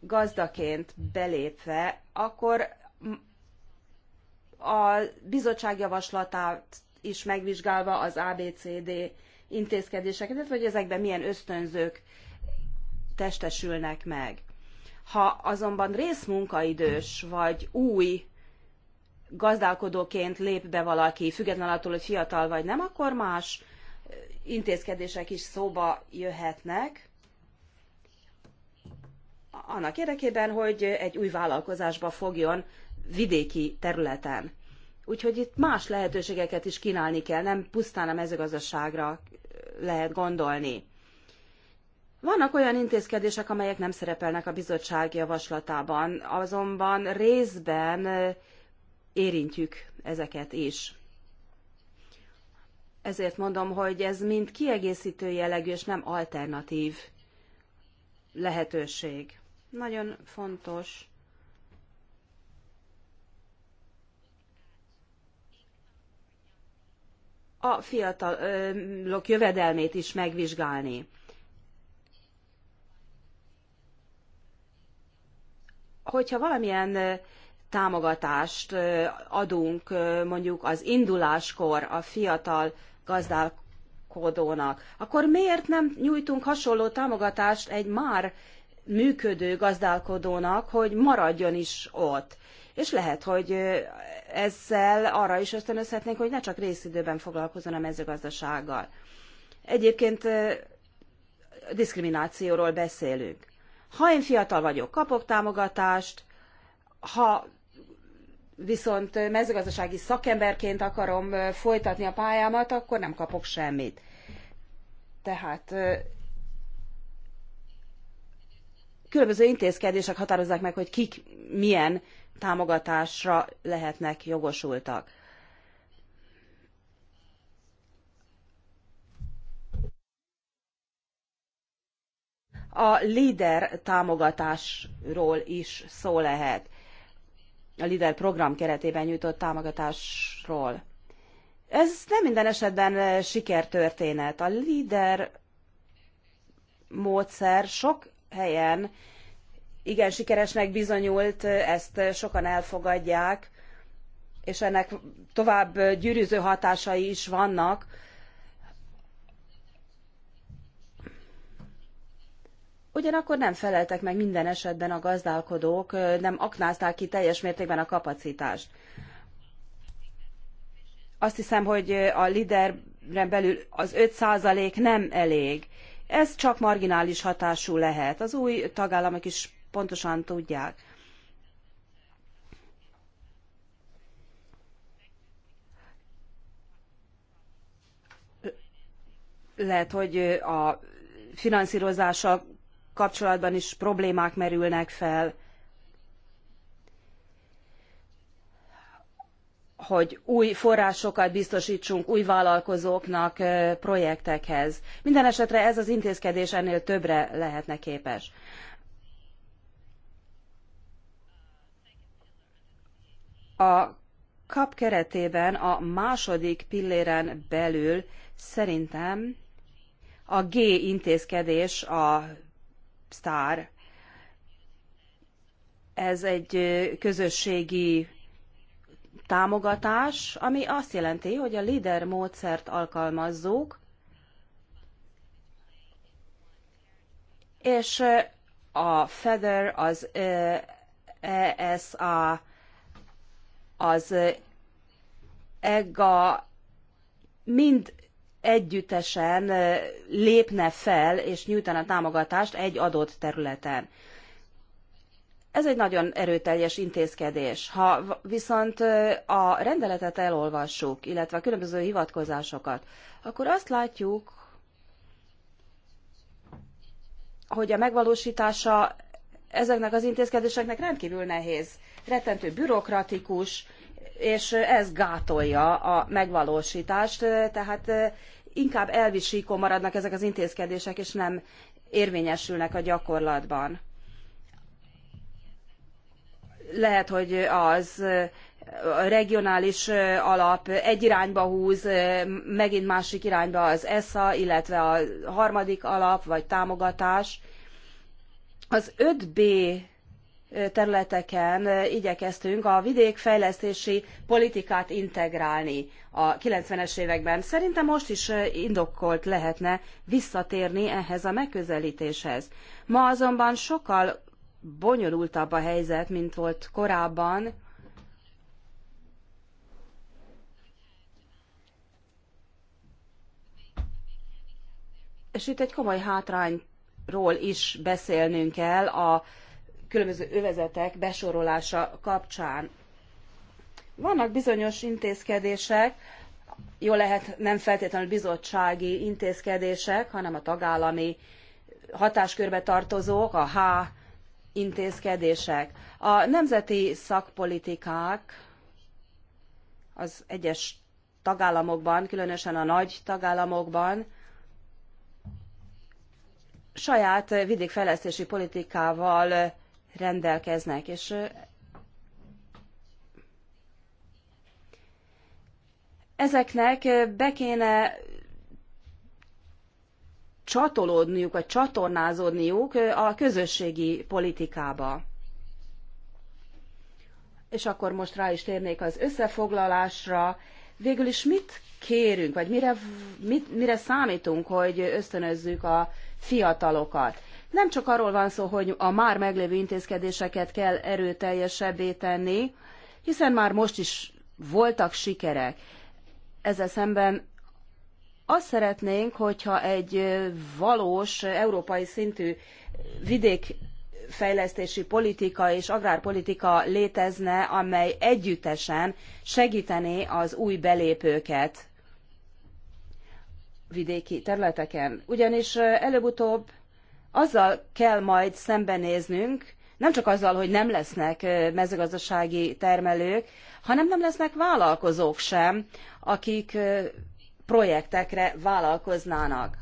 gazdaként belépve, akkor a bizottság javaslatát is megvizsgálva az ABCD intézkedéseket, vagy ezekben milyen ösztönzők testesülnek meg. Ha azonban részmunkaidős vagy új gazdálkodóként lép be valaki, független attól, hogy fiatal vagy nem, akkor más intézkedések is szóba jöhetnek, annak érdekében, hogy egy új vállalkozásba fogjon vidéki területen. Úgyhogy itt más lehetőségeket is kínálni kell, nem pusztán a mezőgazdaságra lehet gondolni. Vannak olyan intézkedések, amelyek nem szerepelnek a bizottság javaslatában, azonban részben érintjük ezeket is. Ezért mondom, hogy ez mind kiegészítő jellegű és nem alternatív lehetőség. Nagyon fontos. a fiatalok jövedelmét is megvizsgálni. Hogyha valamilyen támogatást adunk mondjuk az induláskor a fiatal gazdálkodónak, akkor miért nem nyújtunk hasonló támogatást egy már működő gazdálkodónak, hogy maradjon is ott? És lehet, hogy ezzel arra is ösztönözhetnénk, hogy ne csak részidőben foglalkozzon a mezőgazdasággal. Egyébként diszkriminációról beszélünk. Ha én fiatal vagyok, kapok támogatást, ha viszont mezőgazdasági szakemberként akarom folytatni a pályámat, akkor nem kapok semmit. Tehát különböző intézkedések határozzák meg, hogy kik milyen támogatásra lehetnek jogosultak. A líder támogatásról is szó lehet a LIDER program keretében nyújtott támogatásról. Ez nem minden esetben eh, sikertörténet. A LIDER módszer sok helyen igen sikeresnek bizonyult, eh, ezt eh, sokan elfogadják, és ennek tovább gyűrűző hatásai is vannak ugyanakkor nem feleltek meg minden esetben a gazdálkodók, nem aknázták ki teljes mértékben a kapacitást. Azt hiszem, hogy a liderben belül az 5% nem elég. Ez csak marginális hatású lehet. Az új tagállamok is pontosan tudják. lehet, hogy a finanszírozása kapcsolatban is problémák merülnek fel, hogy új forrásokat biztosítsunk új vállalkozóknak projektekhez. Minden esetre ez az intézkedés ennél többre lehetne képes. A kap keretében a második pilléren belül szerintem a G intézkedés a sztár. Ez egy közösségi támogatás, ami azt jelenti, hogy a líder módszert alkalmazzuk, és a FEDER, az ESA, az EGA mind együttesen lépne fel és nyújtana támogatást egy adott területen. Ez egy nagyon erőteljes intézkedés. Ha viszont a rendeletet elolvassuk, illetve a különböző hivatkozásokat, akkor azt látjuk, hogy a megvalósítása ezeknek az intézkedéseknek rendkívül nehéz, rettentő bürokratikus, és ez gátolja a megvalósítást, tehát inkább elvi síkon maradnak ezek az intézkedések, és nem érvényesülnek a gyakorlatban. Lehet, hogy az a regionális alap egy irányba húz, megint másik irányba az essa, illetve a harmadik alap, vagy támogatás. Az 5B területeken igyekeztünk a vidékfejlesztési politikát integrálni a 90-es években. Szerintem most is indokolt lehetne visszatérni ehhez a megközelítéshez. Ma azonban sokkal bonyolultabb a helyzet, mint volt korábban. És itt egy komoly hátrányról is beszélnünk kell a különböző övezetek besorolása kapcsán. Vannak bizonyos intézkedések, jó lehet nem feltétlenül bizottsági intézkedések, hanem a tagállami hatáskörbe tartozók, a H intézkedések. A nemzeti szakpolitikák az egyes tagállamokban, különösen a nagy tagállamokban saját vidékfejlesztési politikával rendelkeznek, és ezeknek be kéne csatolódniuk, vagy csatornázódniuk a közösségi politikába. És akkor most rá is térnék az összefoglalásra. Végül is mit kérünk, vagy mire, mit, mire számítunk, hogy ösztönözzük a fiatalokat? Nem csak arról van szó, hogy a már meglévő intézkedéseket kell erőteljesebbé tenni, hiszen már most is voltak sikerek. Ezzel szemben azt szeretnénk, hogyha egy valós európai szintű vidékfejlesztési politika és agrárpolitika létezne, amely együttesen segítené az új belépőket vidéki területeken. Ugyanis előbb-utóbb azzal kell majd szembenéznünk, nem csak azzal, hogy nem lesznek mezőgazdasági termelők, hanem nem lesznek vállalkozók sem, akik projektekre vállalkoznának.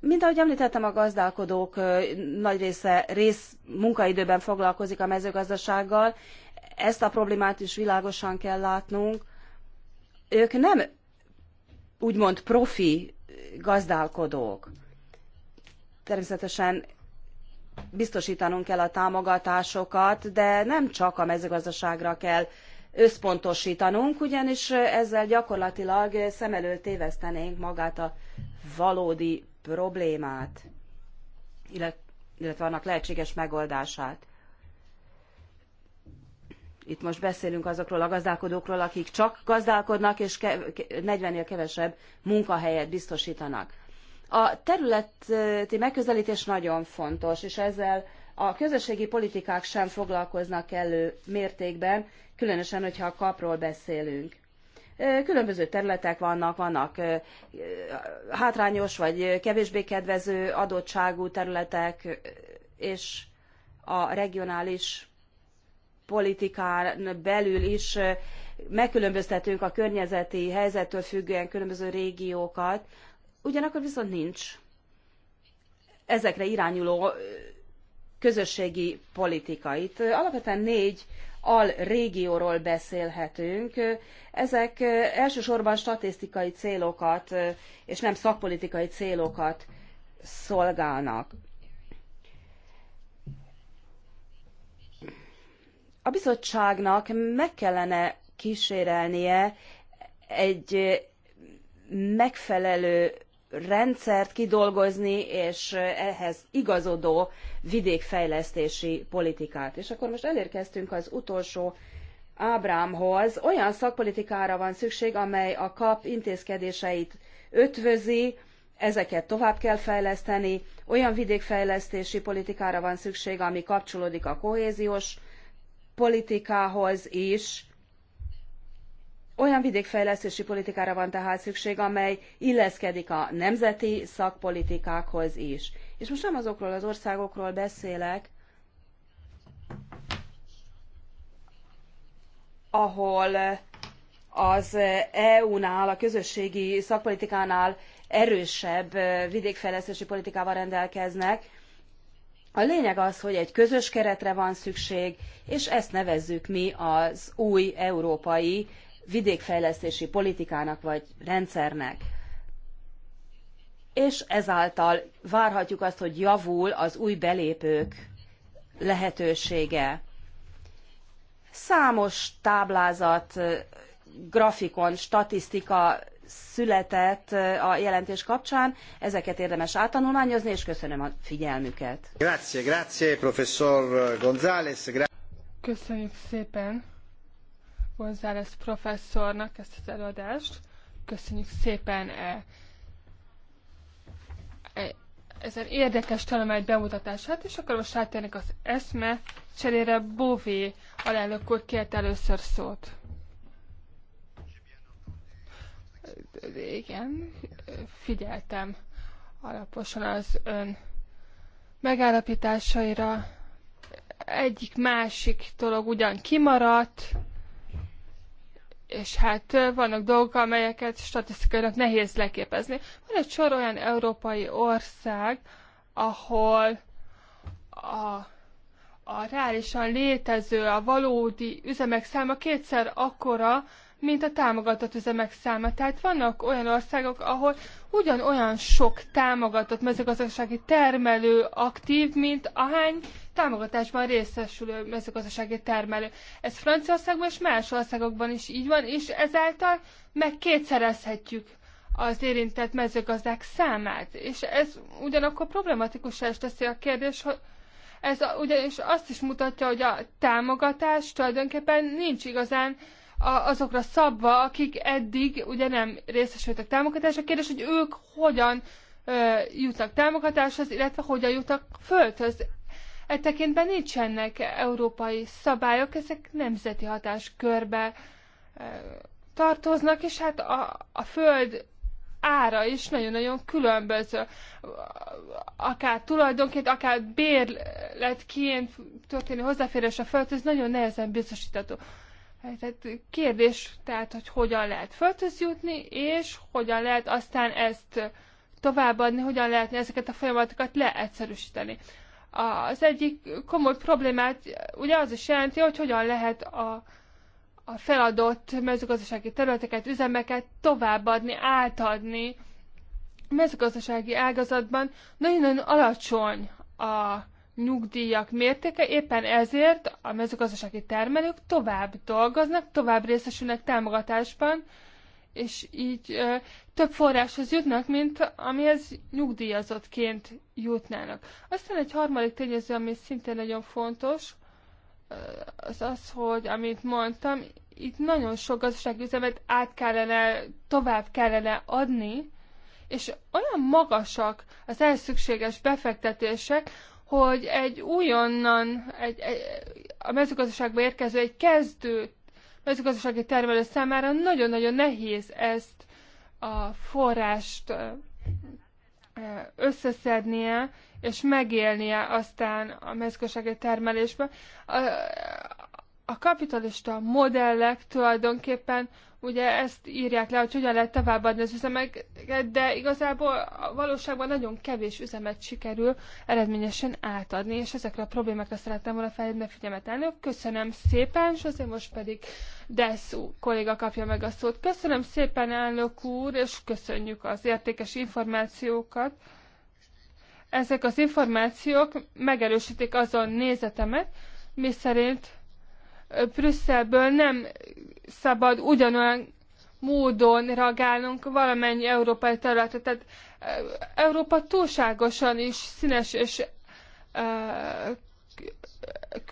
Mint ahogy említettem, a gazdálkodók nagy része rész munkaidőben foglalkozik a mezőgazdasággal, ezt a problémát is világosan kell látnunk. Ők nem úgymond profi gazdálkodók. Természetesen biztosítanunk kell a támogatásokat, de nem csak a mezőgazdaságra kell összpontosítanunk, ugyanis ezzel gyakorlatilag szem elől tévesztenénk magát a valódi problémát, illetve annak lehetséges megoldását. Itt most beszélünk azokról a gazdálkodókról, akik csak gazdálkodnak, és 40-nél kevesebb munkahelyet biztosítanak. A területi megközelítés nagyon fontos, és ezzel a közösségi politikák sem foglalkoznak elő mértékben, különösen, hogyha a kapról beszélünk. Különböző területek vannak, vannak hátrányos vagy kevésbé kedvező adottságú területek, és a regionális politikán belül is megkülönböztetünk a környezeti helyzettől függően különböző régiókat ugyanakkor viszont nincs ezekre irányuló közösségi politikait. alapvetően négy alrégióról beszélhetünk. Ezek elsősorban statisztikai célokat és nem szakpolitikai célokat szolgálnak. A bizottságnak meg kellene kísérelnie egy megfelelő rendszert kidolgozni, és ehhez igazodó vidékfejlesztési politikát. És akkor most elérkeztünk az utolsó Ábrámhoz. Olyan szakpolitikára van szükség, amely a kap intézkedéseit ötvözi, ezeket tovább kell fejleszteni, olyan vidékfejlesztési politikára van szükség, ami kapcsolódik a kohéziós politikához is, olyan vidékfejlesztési politikára van tehát szükség, amely illeszkedik a nemzeti szakpolitikákhoz is. És most nem azokról az országokról beszélek, ahol az EU-nál, a közösségi szakpolitikánál erősebb vidékfejlesztési politikával rendelkeznek. A lényeg az, hogy egy közös keretre van szükség, és ezt nevezzük mi az új európai vidékfejlesztési politikának vagy rendszernek. És ezáltal várhatjuk azt, hogy javul az új belépők lehetősége. Számos táblázat, grafikon, statisztika született a jelentés kapcsán. Ezeket érdemes áttanulmányozni, és köszönöm a figyelmüket. Grazie, grazie, professzor González. Gra- Köszönjük szépen. González professzornak ezt az előadást. Köszönjük szépen e, e, ezen érdekes tanulmány bemutatását, és akkor most átérnek az eszme cserére Bové alelnök úr kért először szót. Igen, figyeltem alaposan az ön megállapításaira. Egyik másik dolog ugyan kimaradt, és hát vannak dolgok, amelyeket statisztikailag nehéz leképezni. Van egy sor olyan európai ország, ahol a, a reálisan létező, a valódi üzemek száma kétszer akkora, mint a támogatott üzemek száma. Tehát vannak olyan országok, ahol ugyanolyan sok támogatott mezőgazdasági termelő aktív, mint ahány támogatásban részesülő mezőgazdasági termelő. Ez Franciaországban és más országokban is így van, és ezáltal meg kétszerezhetjük az érintett mezőgazdák számát. És ez ugyanakkor problematikus is teszi a kérdés, hogy ez ugyanis azt is mutatja, hogy a támogatás tulajdonképpen nincs igazán azokra szabva, akik eddig ugye nem részesültek támogatásra. Kérdés, hogy ők hogyan ö, jutnak támogatáshoz, illetve hogyan jutnak földhöz. E tekintben nincsenek európai szabályok, ezek nemzeti hatáskörbe ö, tartoznak, és hát a, a föld ára is nagyon-nagyon különböző. Akár tulajdonként, akár bérletként történő hozzáférés a ez nagyon nehezen biztosítható. Tehát kérdés, tehát, hogy hogyan lehet földhöz jutni, és hogyan lehet aztán ezt továbbadni, hogyan lehetne ezeket a folyamatokat leegyszerűsíteni. Az egyik komoly problémát ugye az is jelenti, hogy hogyan lehet a, a feladott mezőgazdasági területeket, üzemeket továbbadni, átadni. A mezőgazdasági ágazatban nagyon-nagyon alacsony a nyugdíjak mértéke, éppen ezért a mezőgazdasági termelők tovább dolgoznak, tovább részesülnek támogatásban, és így ö, több forráshoz jutnak, mint amihez nyugdíjazottként jutnának. Aztán egy harmadik tényező, ami szintén nagyon fontos, az az, hogy amit mondtam, itt nagyon sok gazdasági üzemet át kellene, tovább kellene adni, és olyan magasak az elszükséges befektetések, hogy egy újonnan, egy, egy, a mezőgazdaságba érkező, egy kezdő mezőgazdasági termelő számára nagyon-nagyon nehéz ezt a forrást összeszednie, és megélnie aztán a mezőgazdasági termelésbe a kapitalista modellek tulajdonképpen ugye ezt írják le, hogy hogyan lehet továbbadni az üzemeket, de igazából a valóságban nagyon kevés üzemet sikerül eredményesen átadni, és ezekre a problémákra szerettem volna felhívni a figyelmet elnök. Köszönöm szépen, és azért most pedig Deszú kolléga kapja meg a szót. Köszönöm szépen, elnök úr, és köszönjük az értékes információkat. Ezek az információk megerősítik azon nézetemet, mi szerint Brüsszelből nem szabad ugyanolyan módon reagálnunk valamennyi európai területet, Tehát eh, Európa túlságosan is színes és eh,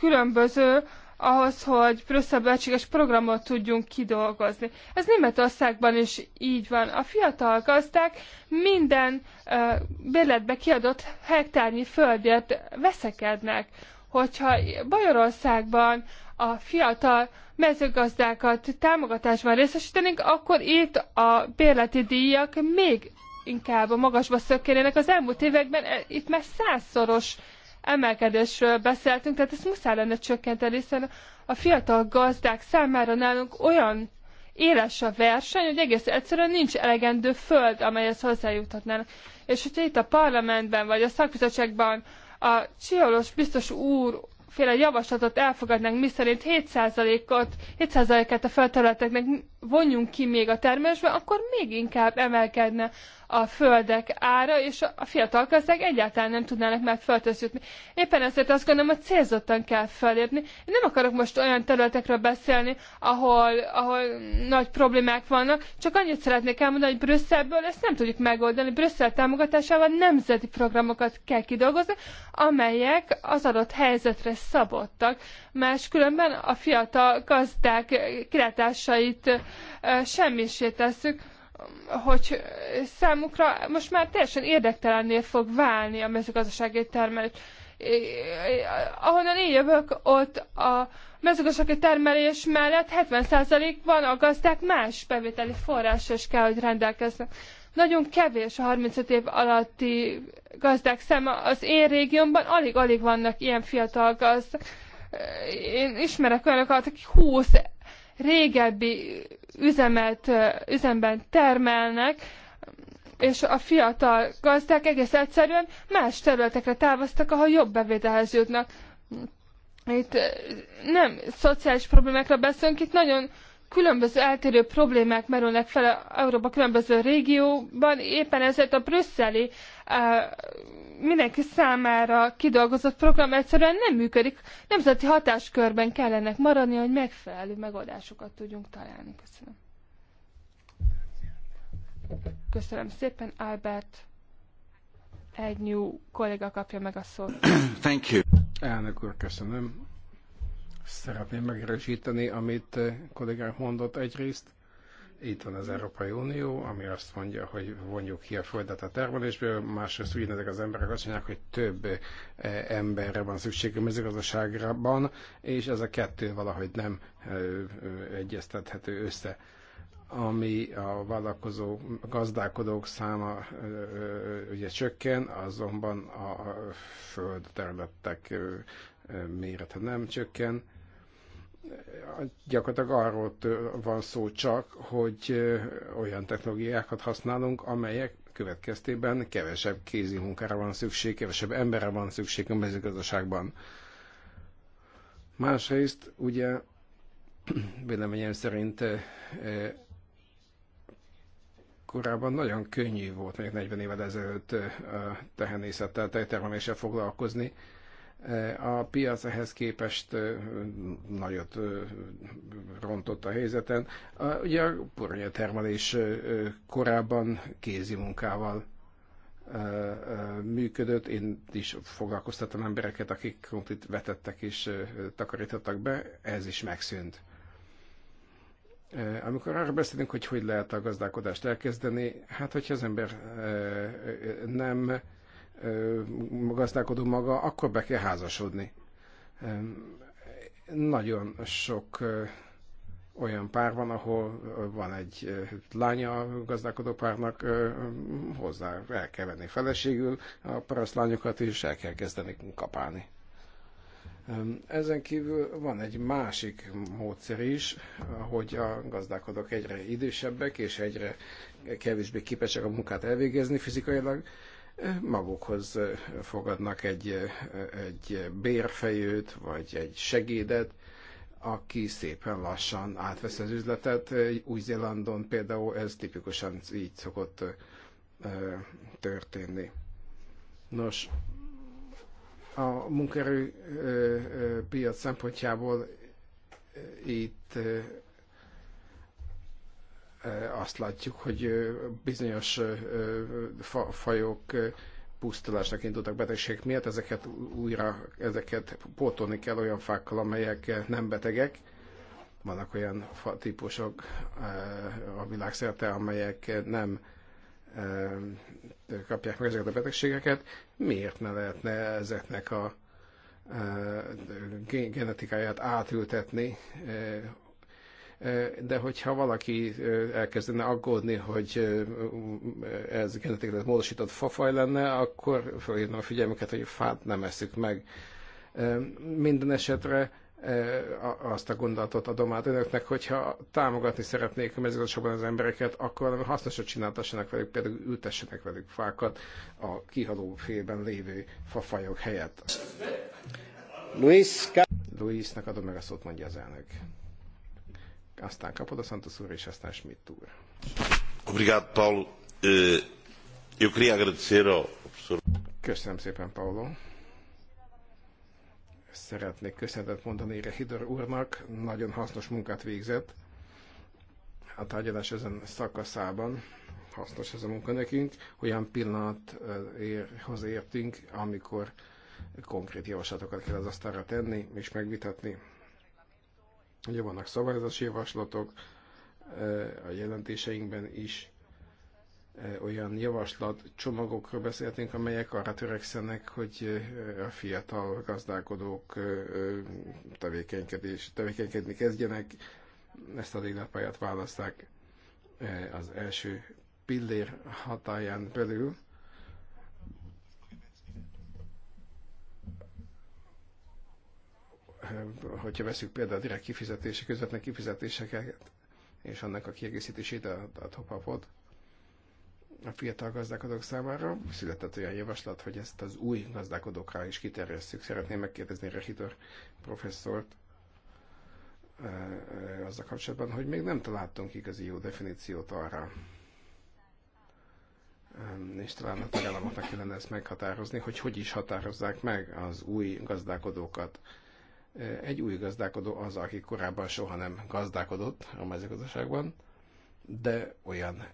különböző ahhoz, hogy Brüsszelből egységes programot tudjunk kidolgozni. Ez Németországban is így van. A fiatal gazdák minden eh, bérletbe kiadott hektárnyi földért veszekednek. Hogyha Bajorországban a fiatal mezőgazdákat támogatásban részesítenénk, akkor itt a bérleti díjak még inkább a magasba szökkenének. Az elmúlt években e- itt már százszoros emelkedésről beszéltünk, tehát ezt muszáj lenne csökkenteni, hiszen a fiatal gazdák számára nálunk olyan éles a verseny, hogy egész egyszerűen nincs elegendő föld, amelyhez hozzájuthatnának. És hogyha itt a parlamentben vagy a szakbizottságban a Csiolos biztos úr féle javaslatot elfogadnánk, miszerint 7%-ot, 7 et a földterületeknek vonjunk ki még a termésbe, akkor még inkább emelkedne a földek ára, és a fiatal gazdák egyáltalán nem tudnának már földhöz jutni. Éppen ezért azt gondolom, hogy célzottan kell felépni. Én nem akarok most olyan területekről beszélni, ahol, ahol nagy problémák vannak, csak annyit szeretnék elmondani, hogy Brüsszelből ezt nem tudjuk megoldani. Brüsszel támogatásával nemzeti programokat kell kidolgozni, amelyek az adott helyzetre szabottak. Máskülönben a fiatal gazdák kilátásait semmisé tesszük, hogy számukra most már teljesen érdektelennél fog válni a mezőgazdasági termelés. Ahonnan én jövök, ott a mezőgazdasági termelés mellett 70% van a gazdák más bevételi forrása is kell, hogy rendelkeznek nagyon kevés a 35 év alatti gazdák száma. Az én régiómban alig-alig vannak ilyen fiatal gazdák. Én ismerek olyanokat, akik 20 régebbi üzemet, üzemben termelnek, és a fiatal gazdák egész egyszerűen más területekre távoztak, ahol jobb bevételhez jutnak. Itt nem szociális problémákra beszélünk, itt nagyon különböző eltérő problémák merülnek fel Európa különböző régióban, éppen ezért a brüsszeli mindenki számára kidolgozott program egyszerűen nem működik. Nemzeti hatáskörben kellene maradni, hogy megfelelő megoldásokat tudjunk találni. Köszönöm. Köszönöm szépen, Albert. Egy new kolléga kapja meg a szót. Thank you. Elnök úr, köszönöm Szeretném megerősíteni, amit eh, kollégánk mondott egyrészt. Itt van az Európai Unió, ami azt mondja, hogy vonjuk ki a földet a termelésből, másrészt ugyanezek az emberek azt mondják, hogy több eh, emberre van szükség a mezőgazdaságban, és ez a kettő valahogy nem eh, egyeztethető össze ami a vállalkozó gazdálkodók száma ugye csökken, azonban a földterületek mérete nem csökken gyakorlatilag arról van szó csak, hogy olyan technológiákat használunk, amelyek következtében kevesebb kézi munkára van szükség, kevesebb emberre van szükség a mezőgazdaságban. Másrészt ugye véleményem szerint korábban nagyon könnyű volt, még 40 évvel ezelőtt tehenészettel, tejtermeléssel foglalkozni, a piac ehhez képest nagyot rontott a helyzeten. Ugye a termelés korábban kézi munkával működött. Én is foglalkoztattam embereket, akik krumplit vetettek és takarítottak be, ez is megszűnt. Amikor arra beszélünk, hogy hogy lehet a gazdálkodást elkezdeni, hát hogyha az ember nem gazdálkodó maga, akkor be kell házasodni. Nagyon sok olyan pár van, ahol van egy lánya gazdálkodó párnak, hozzá el kell venni feleségül a parasztlányokat, és el kell kezdeni kapálni. Ezen kívül van egy másik módszer is, hogy a gazdálkodók egyre idősebbek és egyre kevésbé képesek a munkát elvégezni fizikailag, magukhoz fogadnak egy, egy bérfejőt, vagy egy segédet, aki szépen lassan átvesz az üzletet. Új-Zélandon például ez tipikusan így szokott történni. Nos, a munkerő piac szempontjából itt azt látjuk, hogy bizonyos fajok pusztulásnak indultak betegségek miatt, ezeket újra, ezeket pótolni kell olyan fákkal, amelyek nem betegek. Vannak olyan fa típusok a világszerte, amelyek nem kapják meg ezeket a betegségeket. Miért ne lehetne ezeknek a genetikáját átültetni de hogyha valaki elkezdene aggódni, hogy ez genetikai módosított fafaj lenne, akkor felhívnám a figyelmüket, hogy a fát nem eszük meg. Minden esetre azt a gondolatot adom át önöknek, hogyha támogatni szeretnék a mezőgazdaságban az embereket, akkor valami hasznosat csináltassanak velük, például ültessenek velük fákat a kihaló félben lévő fafajok helyett. Luis, Luisnak adom meg a szót, mondja az elnök aztán kapod a Santos úr, és aztán Schmidt úr. Obrigado, Paulo. Eh, eu queria agradecer ao professor... Köszönöm szépen, Paulo. Szeretnék köszönetet mondani Rehidor úrnak, nagyon hasznos munkát végzett a tárgyalás ezen szakaszában hasznos ez a munka nekünk, olyan pillanathoz eh, értünk, amikor konkrét javaslatokat kell az asztalra tenni és megvitatni. Ugye vannak szabályozási javaslatok, a jelentéseinkben is olyan javaslat csomagokról beszéltünk, amelyek arra törekszenek, hogy a fiatal gazdálkodók tevékenykedés, tevékenykedni kezdjenek, ezt az életpályát választák az első pillér hatáján belül. Eh, hogyha veszük például a direkt kifizetések, közvetlen kifizetéseket, és annak a kiegészítését, a, a a fiatal gazdálkodók számára. Született olyan javaslat, hogy ezt az új gazdálkodókra is kiterjesszük. Szeretném megkérdezni Rehitor professzort eh, eh, azzal kapcsolatban, hogy még nem találtunk igazi jó definíciót arra, ehm, és talán a tagállamoknak kellene ezt meghatározni, hogy hogy is határozzák meg az új gazdálkodókat egy új gazdálkodó az, aki korábban soha nem gazdálkodott a mezőgazdaságban, de olyan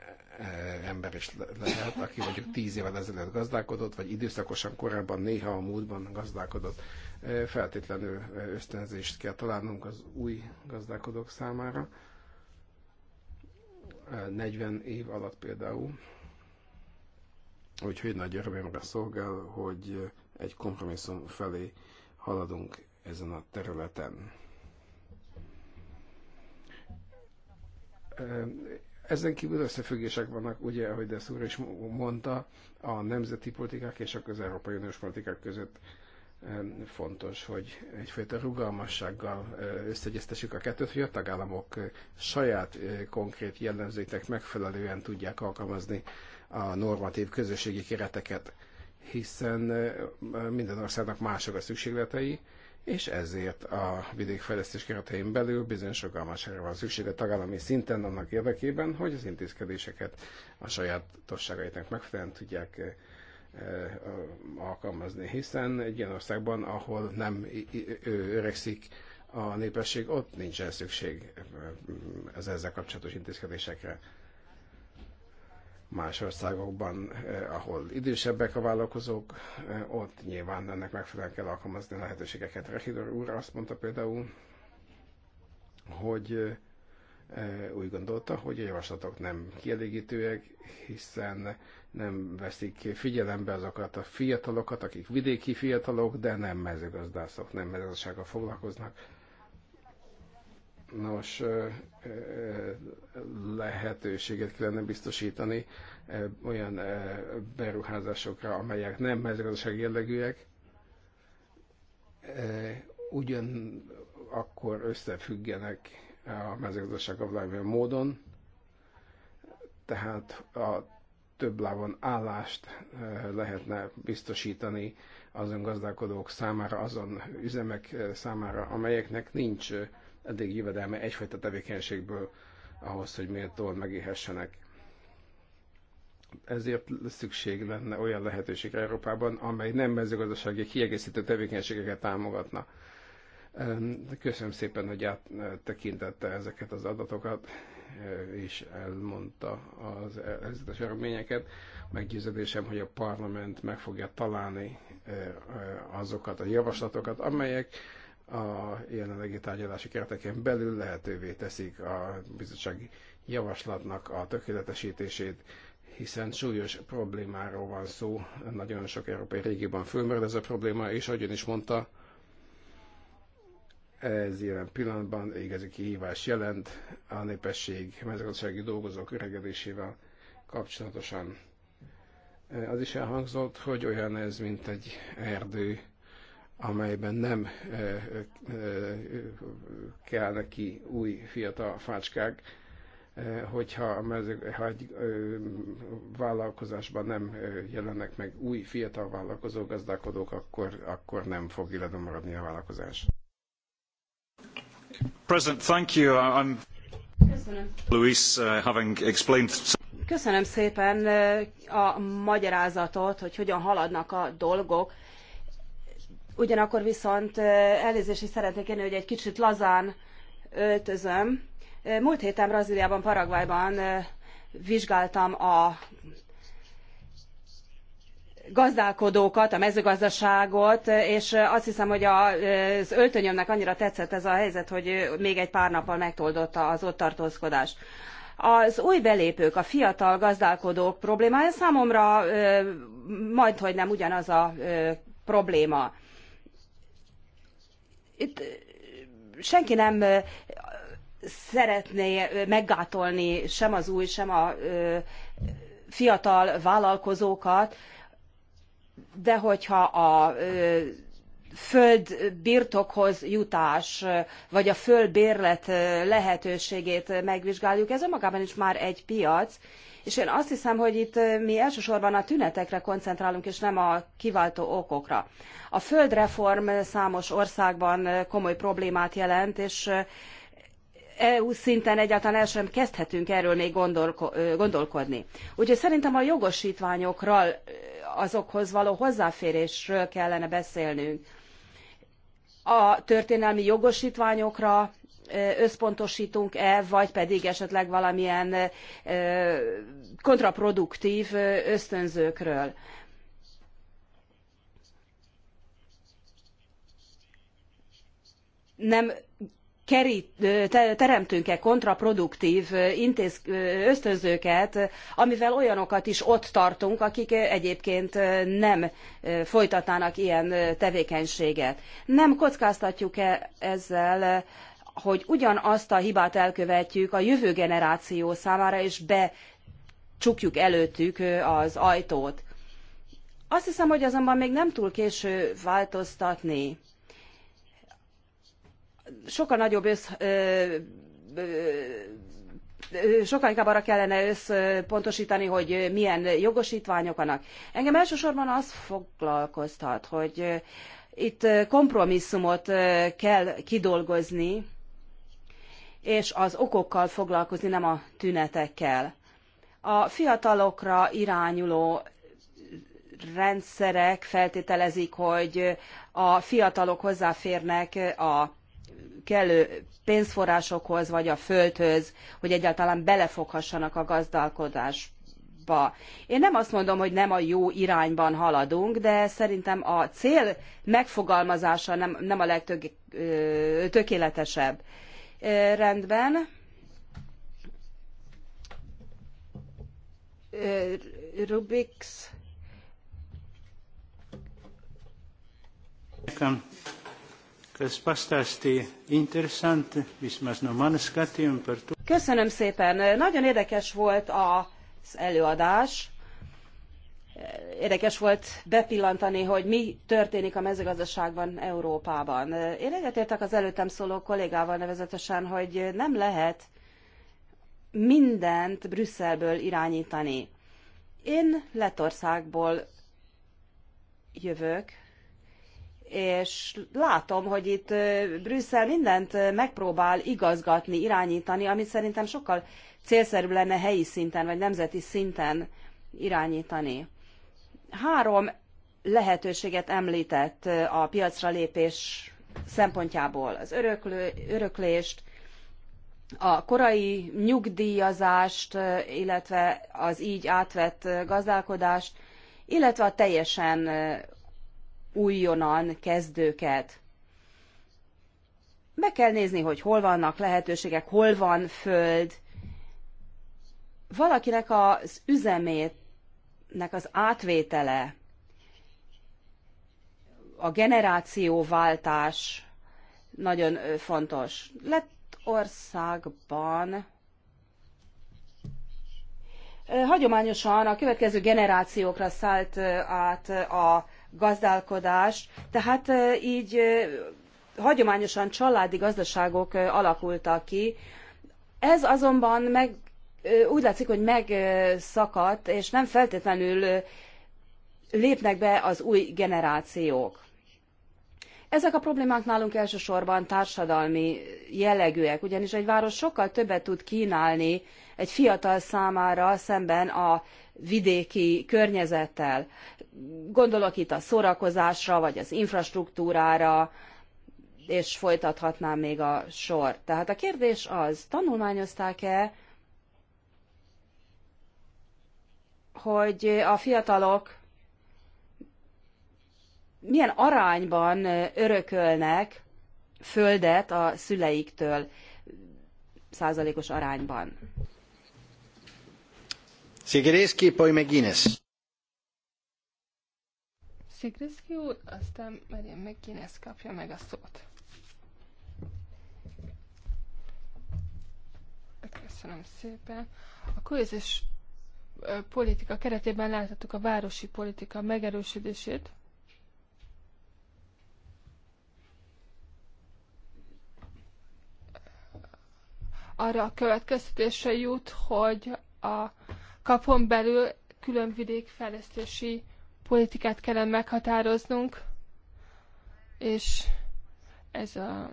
ember is lehet, aki mondjuk tíz évvel ezelőtt gazdálkodott, vagy időszakosan korábban, néha a múltban gazdálkodott. Feltétlenül ösztönzést kell találnunk az új gazdálkodók számára. 40 év alatt például. Úgyhogy nagy örömömre szolgál, hogy egy kompromisszum felé haladunk ezen a területen. Ezen kívül összefüggések vannak, ugye, ahogy úr is mondta, a nemzeti politikák és közép Európai Uniós politikák között fontos, hogy egyfajta rugalmassággal összegyeztessük a kettőt, hogy a tagállamok saját konkrét jellemzőknek megfelelően tudják alkalmazni a normatív közösségi kereteket, hiszen minden országnak mások a szükségletei, és ezért a vidékfejlesztés keretein belül bizonyos rugalmasságra van szüksége tagállami szinten annak érdekében, hogy az intézkedéseket a sajátosságaiknak megfelelően tudják eh, eh, alkalmazni, hiszen egy ilyen országban, ahol nem öregszik a népesség, ott nincsen szükség eh, az ezzel kapcsolatos intézkedésekre. Más országokban, eh, ahol idősebbek a vállalkozók, eh, ott nyilván ennek megfelelően kell alkalmazni a lehetőségeket. Rehidor úr azt mondta például, hogy eh, úgy gondolta, hogy a javaslatok nem kielégítőek, hiszen nem veszik figyelembe azokat a fiatalokat, akik vidéki fiatalok, de nem mezőgazdászok, nem mezőgazdasággal foglalkoznak, Nos, lehetőséget kellene biztosítani olyan beruházásokra, amelyek nem mezőgazdasági jellegűek, ugyan akkor összefüggenek a mezőgazdasággal valamilyen módon, tehát a több lábon állást lehetne biztosítani azon gazdálkodók számára, azon üzemek számára, amelyeknek nincs eddig jövedelme egyfajta tevékenységből ahhoz, hogy méltóan megélhessenek. Ezért szükség lenne olyan lehetőség Európában, amely nem mezőgazdasági kiegészítő tevékenységeket támogatna. Köszönöm szépen, hogy áttekintette ezeket az adatokat, és elmondta az előzetes eredményeket. Meggyőződésem, hogy a parlament meg fogja találni eh, azokat a javaslatokat, amelyek a jelenlegi tárgyalási kereteken belül lehetővé teszik a bizottsági javaslatnak a tökéletesítését, hiszen súlyos problémáról van szó, nagyon sok európai régióban fölmerül ez a probléma, és ahogy ön is mondta, ez jelen pillanatban igazi kihívás jelent a népesség mezőgazdasági dolgozók öregedésével kapcsolatosan. Az is elhangzott, hogy olyan ez, mint egy erdő, amelyben nem kell neki új fiatal fácskák, hogyha ha egy vállalkozásban nem jelennek meg új fiatal vállalkozó gazdálkodók, akkor, akkor nem fog illetve maradni a vállalkozás. President, thank you. Uh, I'm Köszönöm. Luis, uh, having explained... Köszönöm szépen uh, a magyarázatot, hogy hogyan haladnak a dolgok. Ugyanakkor viszont elnézést is szeretnék kérni, hogy egy kicsit lazán öltözöm. Múlt héten Brazíliában, Paraguayban vizsgáltam a gazdálkodókat, a mezőgazdaságot, és azt hiszem, hogy az öltönyömnek annyira tetszett ez a helyzet, hogy még egy pár nappal megtoldotta az ott tartózkodást. Az új belépők, a fiatal gazdálkodók problémája számomra majdhogy nem ugyanaz a probléma. Itt senki nem szeretné meggátolni sem az új, sem a fiatal vállalkozókat, de hogyha a föld birtokhoz jutás, vagy a földbérlet lehetőségét megvizsgáljuk, ez önmagában is már egy piac, és én azt hiszem, hogy itt mi elsősorban a tünetekre koncentrálunk, és nem a kiváltó okokra. A földreform számos országban komoly problémát jelent, és EU szinten egyáltalán el sem kezdhetünk erről még gondolko- gondolkodni. Úgyhogy szerintem a jogosítványokról, azokhoz való hozzáférésről kellene beszélnünk a történelmi jogosítványokra összpontosítunk-e, vagy pedig esetleg valamilyen kontraproduktív ösztönzőkről. Nem kerít, teremtünk-e kontraproduktív intéz, ösztönzőket, amivel olyanokat is ott tartunk, akik egyébként nem folytatnának ilyen tevékenységet. Nem kockáztatjuk-e ezzel hogy ugyanazt a hibát elkövetjük a jövő generáció számára, és becsukjuk előttük az ajtót. Azt hiszem, hogy azonban még nem túl késő változtatni sokkal nagyobb össz, sokkal inkább arra kellene összpontosítani, hogy milyen jogosítványok vannak. Engem elsősorban az foglalkoztat, hogy itt kompromisszumot kell kidolgozni, és az okokkal foglalkozni, nem a tünetekkel. A fiatalokra irányuló rendszerek feltételezik, hogy a fiatalok hozzáférnek a kellő pénzforrásokhoz vagy a földhöz, hogy egyáltalán belefoghassanak a gazdálkodásba. Én nem azt mondom, hogy nem a jó irányban haladunk, de szerintem a cél megfogalmazása nem, nem a legtökéletesebb. Rendben. Rubik's. Köszönöm. Tas pastāstīja interesanti, vismaz no manas skatījuma par to. Köszönöm szépen. Nagyon érdekes volt az előadás. Érdekes volt bepillantani, hogy mi történik a mezőgazdaságban Európában. Én egyetértek az előttem szóló kollégával nevezetesen, hogy nem lehet mindent Brüsszelből irányítani. Én Letországból jövök, és látom, hogy itt Brüsszel mindent megpróbál igazgatni, irányítani, amit szerintem sokkal célszerűbb lenne helyi szinten, vagy nemzeti szinten irányítani. Három lehetőséget említett a piacra lépés szempontjából. Az öröklő, öröklést, a korai nyugdíjazást, illetve az így átvett gazdálkodást, illetve a teljesen újonnan kezdőket. Meg kell nézni, hogy hol vannak lehetőségek, hol van föld. Valakinek az üzemének az átvétele, a generációváltás nagyon fontos. Lett országban hagyományosan a következő generációkra szállt át a gazdálkodás, tehát így hagyományosan családi gazdaságok alakultak ki. Ez azonban meg, úgy látszik, hogy megszakadt, és nem feltétlenül lépnek be az új generációk. Ezek a problémák nálunk elsősorban társadalmi jellegűek, ugyanis egy város sokkal többet tud kínálni egy fiatal számára szemben a vidéki környezettel. Gondolok itt a szórakozásra, vagy az infrastruktúrára, és folytathatnám még a sor. Tehát a kérdés az, tanulmányozták-e, hogy a fiatalok milyen arányban örökölnek földet a szüleiktől százalékos arányban. Szigrészki, poi McGuinness. Szigrészki úr, aztán Marian McGuinness kapja meg a szót. Köszönöm szépen. A közös politika keretében láthattuk a városi politika megerősödését. Arra a következtetésre jut, hogy a kapon belül külön vidékfejlesztési politikát kellene meghatároznunk, és ez a,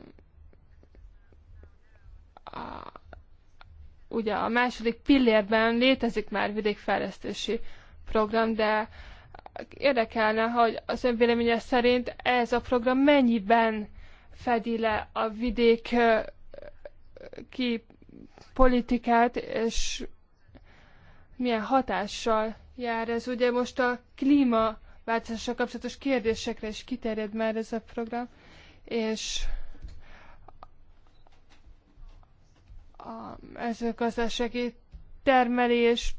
a ugye a második pillérben létezik már vidékfejlesztési program, de érdekelne, hogy az ön véleménye szerint ez a program mennyiben fedi le a vidék ki politikát, és milyen hatással jár ez. Ugye most a klímaváltozással kapcsolatos kérdésekre is kiterjed már ez a program, és a mezőgazdasági termelés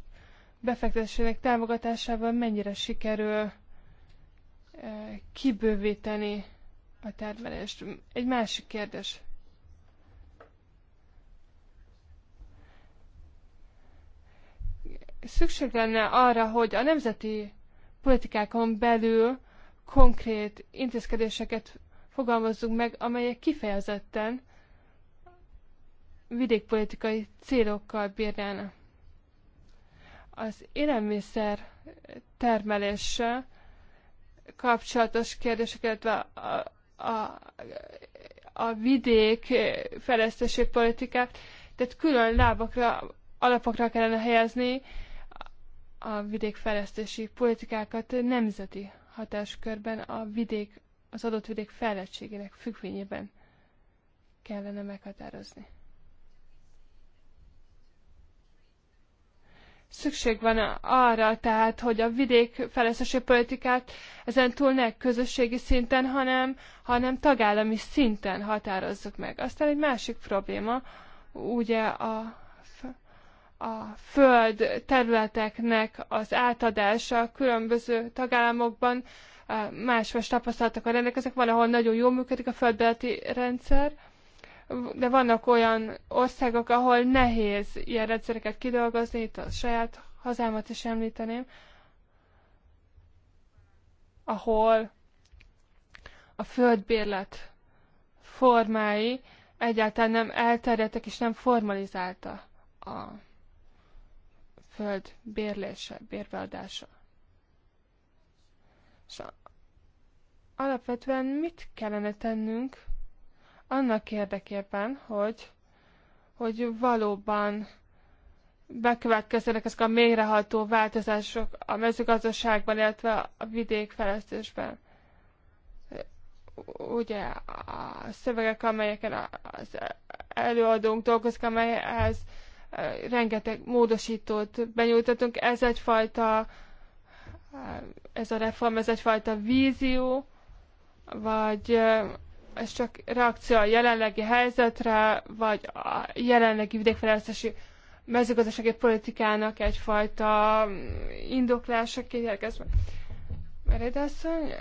befektetésének támogatásával mennyire sikerül eh, kibővíteni a termelést. Egy másik kérdés. szükség lenne arra, hogy a nemzeti politikákon belül konkrét intézkedéseket fogalmazzunk meg, amelyek kifejezetten vidékpolitikai célokkal bírnának. Az élelmiszer termeléssel kapcsolatos kérdéseket, illetve a, a, a vidék fejlesztési politikát, tehát külön lábakra, alapokra kellene helyezni, a vidékfejlesztési politikákat nemzeti hatáskörben a vidék, az adott vidék fejlettségének függvényében kellene meghatározni. Szükség van arra tehát, hogy a vidék fejlesztési politikát ezen túl ne közösségi szinten, hanem, hanem tagállami szinten határozzuk meg. Aztán egy másik probléma, ugye a a föld területeknek az átadása különböző tagállamokban más-más tapasztalatokkal rendelkeznek. Van, ahol nagyon jól működik a földbeleti rendszer, de vannak olyan országok, ahol nehéz ilyen rendszereket kidolgozni, itt a saját hazámat is említeném, ahol a földbérlet formái egyáltalán nem elterjedtek és nem formalizálta a föld bérlése, bérveadása. És alapvetően mit kellene tennünk annak érdekében, hogy, hogy valóban bekövetkezzenek ezek a mélyreható változások a mezőgazdaságban, illetve a vidékfejlesztésben. Ugye a szövegek, amelyeken az előadónk dolgozik, amelyhez rengeteg módosítót benyújtottunk. Ez egyfajta, ez a reform, ez egyfajta vízió, vagy ez csak reakció a jelenlegi helyzetre, vagy a jelenlegi vidékfejlesztési mezőgazdasági politikának egyfajta indoklásaként érkezve. Meredasszony,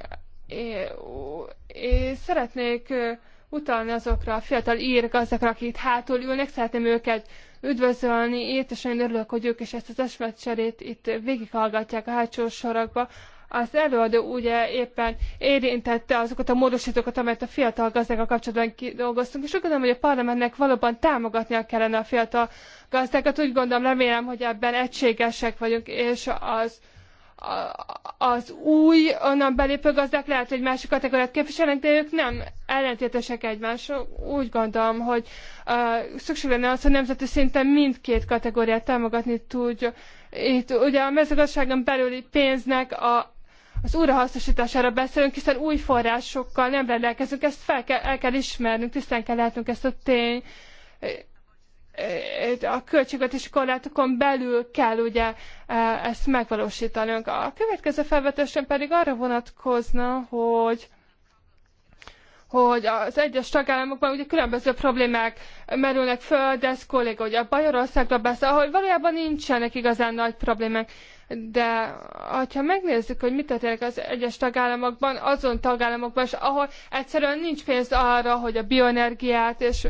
és, én szeretnék utalni azokra a fiatal ír gazdakra, akik itt hátul ülnek, szeretném őket üdvözölni, itt, és én örülök, hogy ők is ezt az esmetcserét itt végighallgatják a hátsó sorakba. Az előadó ugye éppen érintette azokat a módosítókat, amelyet a fiatal gazdákkal kapcsolatban kidolgoztunk, és úgy gondolom, hogy a parlamentnek valóban támogatnia kellene a fiatal gazdákat. Úgy gondolom, remélem, hogy ebben egységesek vagyunk, és az az új onnan belépő gazdák lehet, hogy másik kategóriát képviselnek, de ők nem ellentétesek egymással. Úgy gondolom, hogy uh, szükség lenne az, hogy nemzeti szinten mindkét kategóriát támogatni tudja. Itt ugye a mezőgazdaságon belüli pénznek a, az újrahasznosítására beszélünk, hiszen új forrásokkal nem rendelkezünk, ezt fel kell, el kell ismernünk, tisztán kell látnunk ezt a tény. Eh, a költségvetési korlátokon belül kell ugye eh, ezt megvalósítanunk. A következő felvetésem pedig arra vonatkozna, hogy hogy az egyes tagállamokban ugye különböző problémák merülnek föl, de ez kolléga hogy a Bajorországra beszél, ahol valójában nincsenek igazán nagy problémák. De ha megnézzük, hogy mit történik az egyes tagállamokban, azon tagállamokban és ahol egyszerűen nincs pénz arra, hogy a bioenergiát és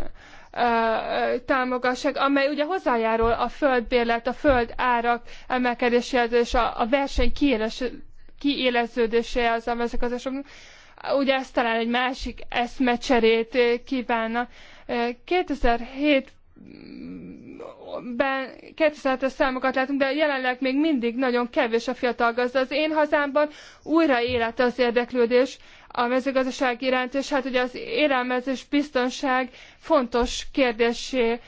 támogassák, amely ugye hozzájárul a földbérlet, a föld árak emelkedéséhez és a, a verseny kiéleződéséhez a mezőgazdaságnak. Ugye ezt talán egy másik eszmecserét kívánna. 2007 ben 2007 számokat látunk, de jelenleg még mindig nagyon kevés a fiatal gazda. Az én hazámban újra élet az érdeklődés a mezőgazdaság iránt, és hát ugye az élelmezés biztonság fontos kérdésé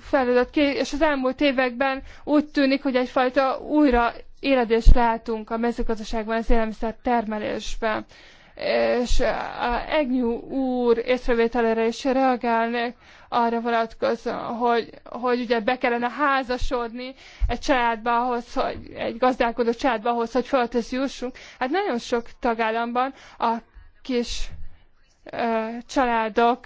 feladat ki, és az elmúlt években úgy tűnik, hogy egyfajta újra éledést látunk a mezőgazdaságban, az élelmiszer termelésben és Egnyú úr észrevételére is reagálnék arra vonatkozóan, hogy, hogy ugye be kellene házasodni egy családba ahhoz, hogy egy gazdálkodó családba ahhoz, hogy földhöz jussunk. Hát nagyon sok tagállamban a kis családok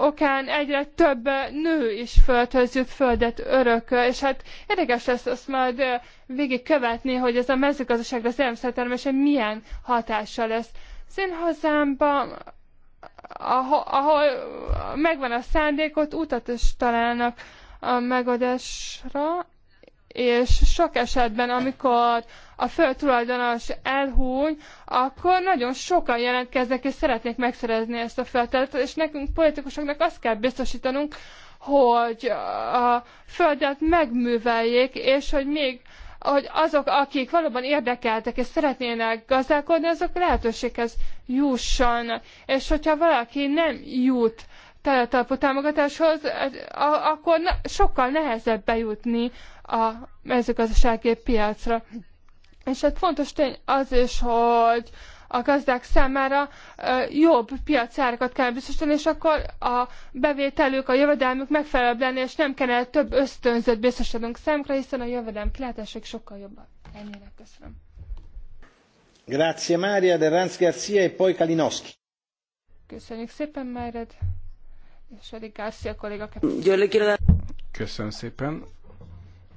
okán egyre több nő is földhöz jut, földet örököl, és hát érdekes lesz azt majd végigkövetni, hogy ez a mezőgazdaságra, az élelmiszertermésre milyen hatással lesz. Az én hazámban, ahol, ahol megvan a szándékot, utat is találnak a megadásra, és sok esetben, amikor a földtulajdonos elhúny, akkor nagyon sokan jelentkeznek, és szeretnék megszerezni ezt a földet, és nekünk politikusoknak azt kell biztosítanunk, hogy a földet megműveljék, és hogy még hogy azok, akik valóban érdekeltek és szeretnének gazdálkodni, azok lehetőséghez jussanak. És hogyha valaki nem jut teletalpú támogatáshoz, akkor sokkal nehezebb bejutni a mezőgazdasági piacra. És hát fontos tény az is, hogy a gazdák számára jobb piacárakat kell biztosítani, és akkor a bevételük, a jövedelmük megfelelőbb lenne, és nem kellene több ösztönzött biztosítanunk számukra, hiszen a jövedelm kilátások sokkal jobban. Ennyire Köszönöm. Grazie Maria de Ranz Garcia e poi Kalinowski. Köszönjük szépen, Mered, És Adi Garcia kolléga. Köszönöm szépen.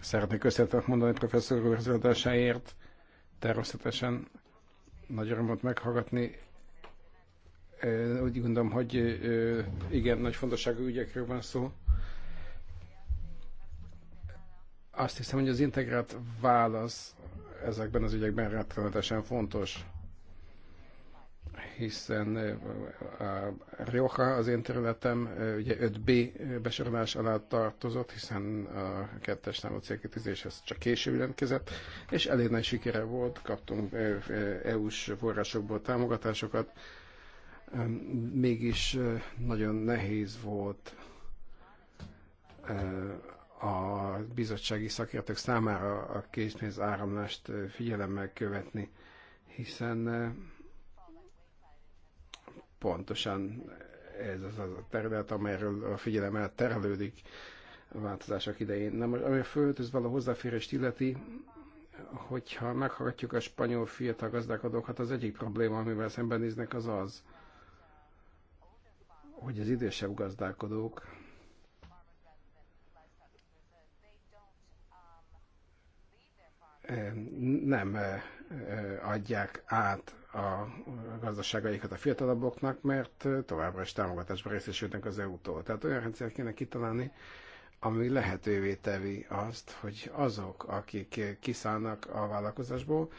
Szeretnék köszönetet mondani professzor úr előadásáért. Természetesen nagy örömöt meghallgatni. Úgy gondolom, hogy igen, nagy fontosságú ügyekről van szó. Azt hiszem, hogy az integrált válasz ezekben az ügyekben rettenetesen fontos hiszen a Rioja az én területem ugye 5B besorolás alá tartozott, hiszen a kettes számú célkitűzéshez csak később jelentkezett, és elég nagy sikere volt, kaptunk EU-s forrásokból támogatásokat, mégis nagyon nehéz volt a bizottsági szakértők számára a készpénz áramlást figyelemmel követni, hiszen pontosan ez az a terület, amelyről a figyelem terelődik a változások idején. Na most, ami a földhöz való hozzáférést illeti, hogyha meghallgatjuk a spanyol fiatal gazdálkodókat, hát az egyik probléma, amivel szembenéznek, az az, hogy az idősebb gazdálkodók eh, nem eh, adják át a gazdaságaikat a fiatalabboknak, mert továbbra is támogatásba részesülnek az EU-tól. Tehát olyan rendszert kéne kitalálni, ami lehetővé tevi azt, hogy azok, akik kiszállnak a vállalkozásból,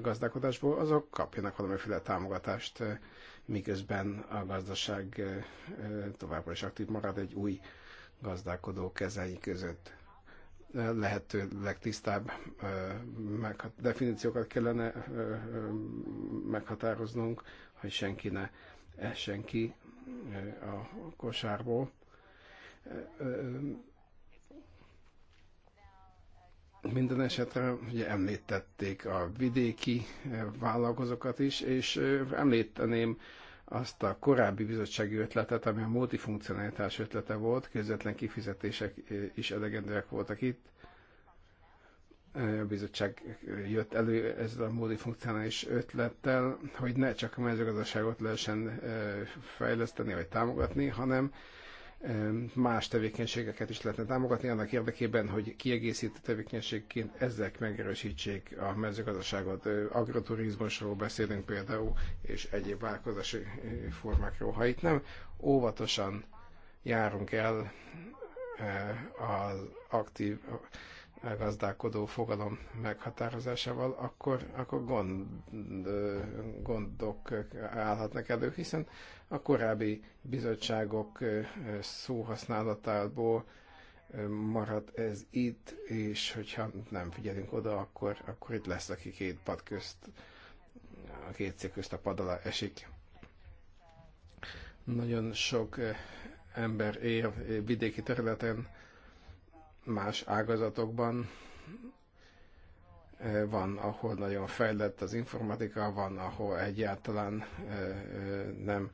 gazdálkodásból, azok kapjanak valamiféle támogatást, miközben a gazdaság továbbra is aktív marad egy új gazdálkodó kezei között lehető legtisztább definíciókat kellene meghatároznunk, hogy senki ne essen ki a kosárból. Minden esetre ugye említették a vidéki vállalkozókat is, és említeném azt a korábbi bizottsági ötletet, ami a multifunkcionalitás ötlete volt, közvetlen kifizetések eh, is elegendőek voltak itt. Eh, a bizottság jött elő ezzel a multifunkcionális ötlettel, hogy ne csak a mezőgazdaságot lehessen eh, fejleszteni vagy támogatni, hanem más tevékenységeket is lehetne támogatni, annak érdekében, hogy kiegészítő tevékenységként ezek megerősítsék a mezőgazdaságot. Agroturizmusról beszélünk például, és egyéb vállalkozási formákról. Ha itt nem óvatosan járunk el az aktív gazdálkodó fogalom meghatározásával, akkor, akkor gond, gondok állhatnak elő, hiszen a korábbi bizottságok szóhasználatából marad ez itt, és hogyha nem figyelünk oda, akkor, akkor itt lesz, aki két pad közt, a két cég közt a pad alá esik. Nagyon sok ember él vidéki területen, más ágazatokban, van, ahol nagyon fejlett az informatika, van, ahol egyáltalán nem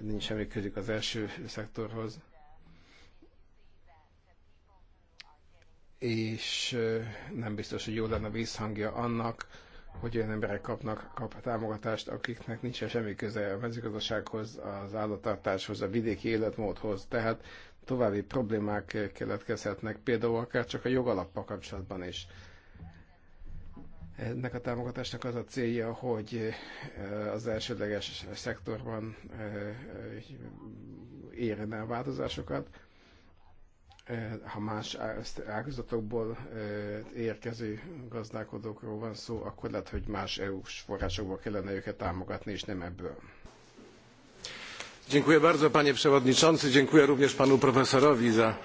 nincs semmi közük az első szektorhoz. És nem biztos, hogy jó lenne vízhangja annak, hogy olyan emberek kapnak kap támogatást, akiknek nincs semmi köze a mezőgazdasághoz, az állattartáshoz, a vidéki életmódhoz. Tehát további problémák keletkezhetnek, például akár csak a jogalappal kapcsolatban is ennek a támogatásnak az a célja, hogy az elsődleges szektorban érjen el változásokat, ha más ágazatokból érkező gazdálkodókról van szó, akkor lehet, hogy más EU-s forrásokból kellene őket támogatni, és nem ebből. Dziękuję bardzo, panie przewodniczący. Dziękuję również panu profesorowi za...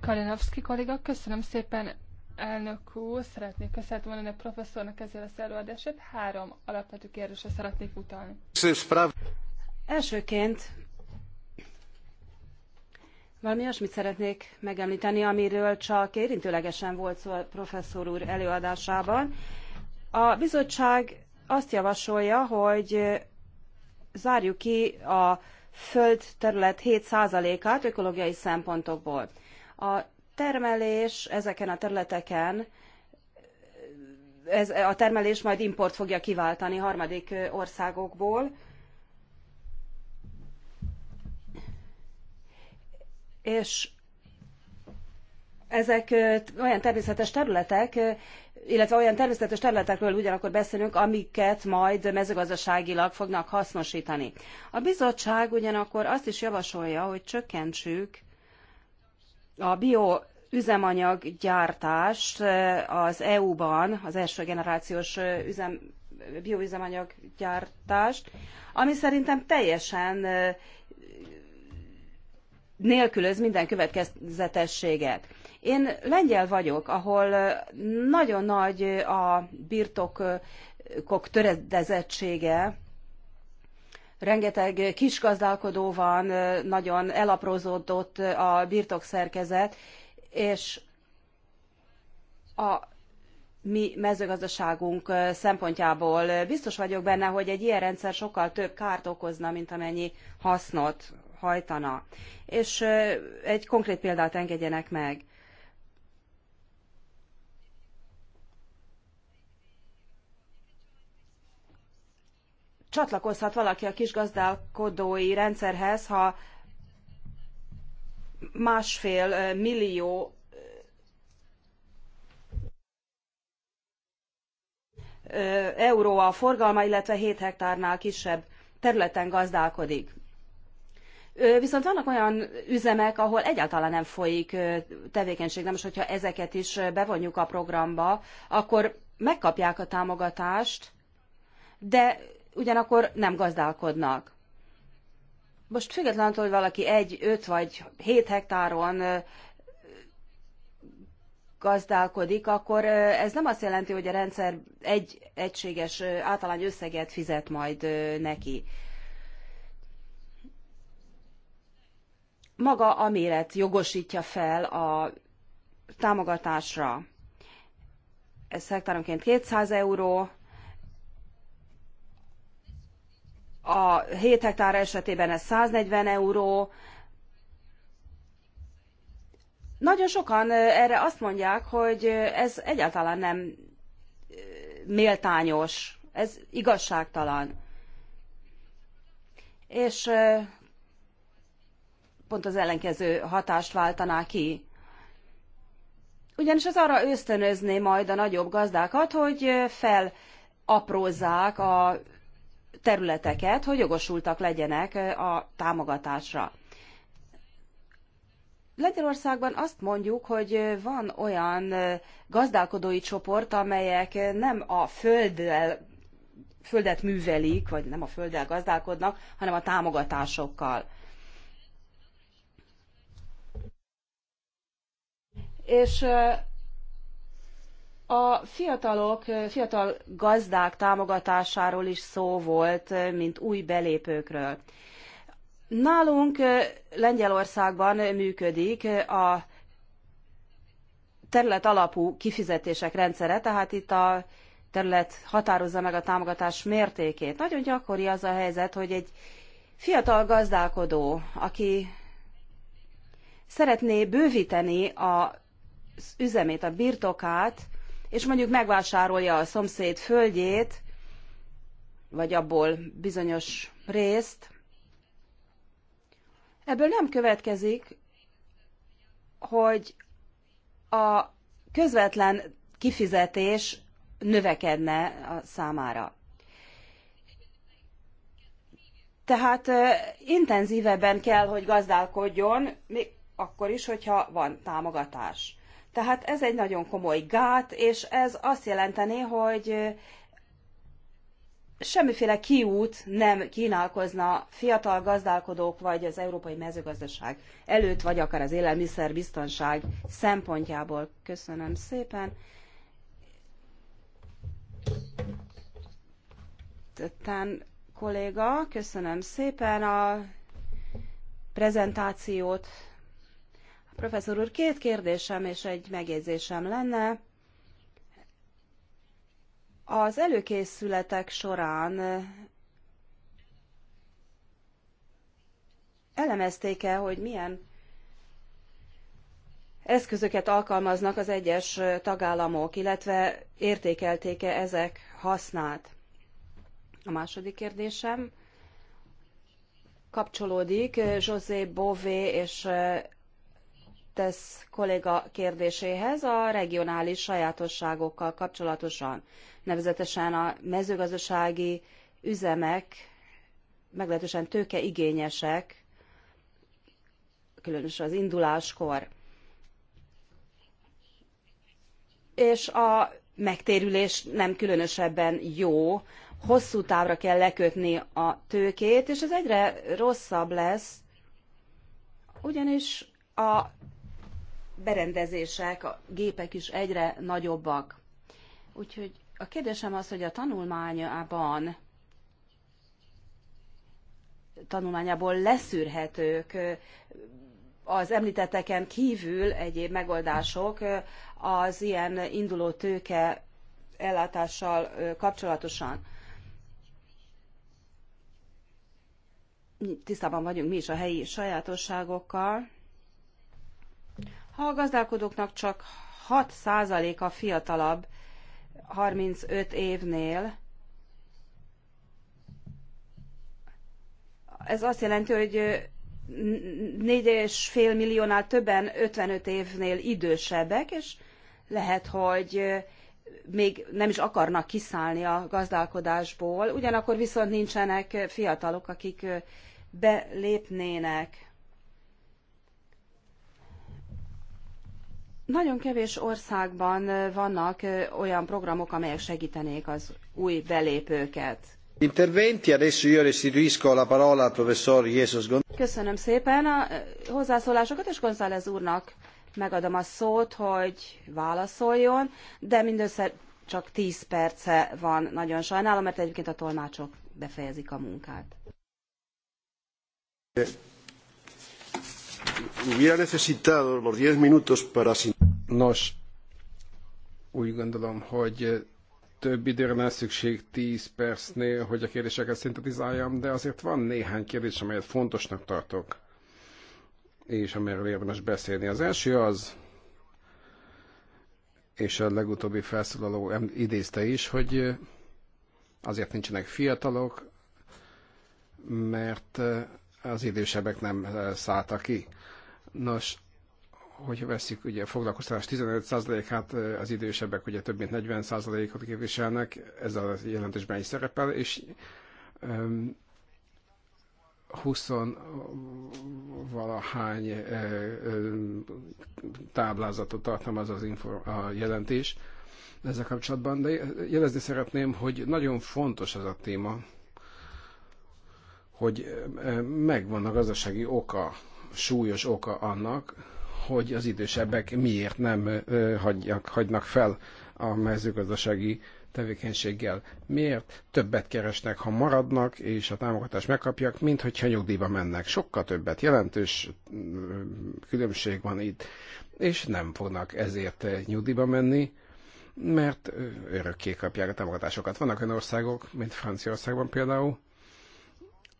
Kalinowski kolega, köszönöm szépen, Elnök úr, szeretnék köszönet mondani a professzornak ezzel az előadását. Három alapvető kérdésre szeretnék utalni. Elsőként valami olyasmit szeretnék megemlíteni, amiről csak érintőlegesen volt szó a professzor úr előadásában. A bizottság azt javasolja, hogy zárjuk ki a föld terület 7%-át ökológiai szempontokból. A termelés ezeken a területeken, ez, a termelés majd import fogja kiváltani harmadik országokból. És ezek olyan természetes területek, illetve olyan természetes területekről ugyanakkor beszélünk, amiket majd mezőgazdaságilag fognak hasznosítani. A bizottság ugyanakkor azt is javasolja, hogy csökkentsük a bio az EU-ban, az első generációs üzem, bioüzemanyaggyártást, ami szerintem teljesen nélkülöz minden következetességet. Én lengyel vagyok, ahol nagyon nagy a birtokok töredezettsége, rengeteg kisgazdálkodó van, nagyon elaprózódott a birtokszerkezet, és a mi mezőgazdaságunk szempontjából biztos vagyok benne, hogy egy ilyen rendszer sokkal több kárt okozna, mint amennyi hasznot hajtana. És egy konkrét példát engedjenek meg. csatlakozhat valaki a kisgazdálkodói rendszerhez, ha másfél millió euró a forgalma, illetve 7 hektárnál kisebb területen gazdálkodik. Viszont vannak olyan üzemek, ahol egyáltalán nem folyik tevékenység. Na most, hogyha ezeket is bevonjuk a programba, akkor megkapják a támogatást, de ugyanakkor nem gazdálkodnak. Most függetlenül attól, hogy valaki egy, öt vagy hét hektáron gazdálkodik, akkor ez nem azt jelenti, hogy a rendszer egy egységes általány összeget fizet majd neki. Maga a méret jogosítja fel a támogatásra. Ez hektáronként 200 euró, a 7 hektár esetében ez 140 euró. Nagyon sokan erre azt mondják, hogy ez egyáltalán nem méltányos, ez igazságtalan. És pont az ellenkező hatást váltaná ki. Ugyanis ez arra ösztönözné majd a nagyobb gazdákat, hogy felaprózzák a területeket, hogy jogosultak legyenek a támogatásra. Lengyelországban azt mondjuk, hogy van olyan gazdálkodói csoport, amelyek nem a földdel, földet művelik, vagy nem a földdel gazdálkodnak, hanem a támogatásokkal. És a fiatalok, fiatal gazdák támogatásáról is szó volt, mint új belépőkről. Nálunk Lengyelországban működik a terület alapú kifizetések rendszere, tehát itt a terület határozza meg a támogatás mértékét. Nagyon gyakori az a helyzet, hogy egy fiatal gazdálkodó, aki szeretné bővíteni az üzemét, a birtokát, és mondjuk megvásárolja a szomszéd földjét, vagy abból bizonyos részt, ebből nem következik, hogy a közvetlen kifizetés növekedne a számára. Tehát intenzívebben kell, hogy gazdálkodjon, még akkor is, hogyha van támogatás. Tehát ez egy nagyon komoly gát, és ez azt jelenteni, hogy semmiféle kiút nem kínálkozna fiatal gazdálkodók vagy az európai mezőgazdaság előtt, vagy akár az élelmiszerbiztonság szempontjából. Köszönöm szépen. Tán kolléga, köszönöm szépen a prezentációt. Professzor úr, két kérdésem és egy megjegyzésem lenne. Az előkészületek során eh, elemezték-e, hogy milyen eszközöket alkalmaznak az egyes tagállamok, illetve értékelték-e ezek hasznát? A második kérdésem kapcsolódik eh, José Bové és eh, Tesz kolléga kérdéséhez a regionális sajátosságokkal kapcsolatosan, nevezetesen a mezőgazdasági üzemek meglehetősen tőkeigényesek, különösen az induláskor. És a megtérülés nem különösebben jó, hosszú távra kell lekötni a tőkét, és ez egyre rosszabb lesz, ugyanis a berendezések, a gépek is egyre nagyobbak. Úgyhogy a kérdésem az, hogy a tanulmányában tanulmányából leszűrhetők az említetteken kívül egyéb megoldások az ilyen induló tőke ellátással kapcsolatosan. Tisztában vagyunk mi is a helyi sajátosságokkal, ha a gazdálkodóknak csak 6%-a fiatalabb 35 évnél, ez azt jelenti, hogy 4,5 milliónál többen 55 évnél idősebbek, és lehet, hogy még nem is akarnak kiszállni a gazdálkodásból, ugyanakkor viszont nincsenek fiatalok, akik belépnének. Nagyon kevés országban vannak olyan programok, amelyek segítenék az új belépőket. Interventi, adesso io restituisco la parola al professor Jesus González. Köszönöm szépen a hozzászólásokat, és González úrnak megadom a szót, hogy válaszoljon, de mindössze csak 10 perce van, nagyon sajnálom, mert egyébként a tolmácsok befejezik a munkát hubiera necesitado los 10 minutos para... Nos, úgy gondolom, hogy több időre lesz szükség 10 percnél, hogy a kérdéseket szintetizáljam, de azért van néhány kérdés, amelyet fontosnak tartok, és amiről érdemes beszélni. Az első az, és a legutóbbi felszólaló idézte is, hogy azért nincsenek fiatalok, mert az idősebbek nem szálltak ki. Nos, hogyha veszik ugye a foglalkoztatás 15%-át, az idősebbek ugye több mint 40%-ot képviselnek, ez a jelentésben is szerepel, és 20 valahány táblázatot tartalmaz az info, a jelentés ezzel kapcsolatban, de jelezni szeretném, hogy nagyon fontos ez a téma, hogy megvan a gazdasági oka, súlyos oka annak, hogy az idősebbek miért nem hagyjak, hagynak fel a mezőgazdasági tevékenységgel. Miért többet keresnek, ha maradnak, és a támogatást megkapják, mint hogyha nyugdíjba mennek. Sokkal többet, jelentős különbség van itt, és nem fognak ezért nyugdíjba menni, mert örökké kapják a támogatásokat. Vannak olyan országok, mint Franciaországban például,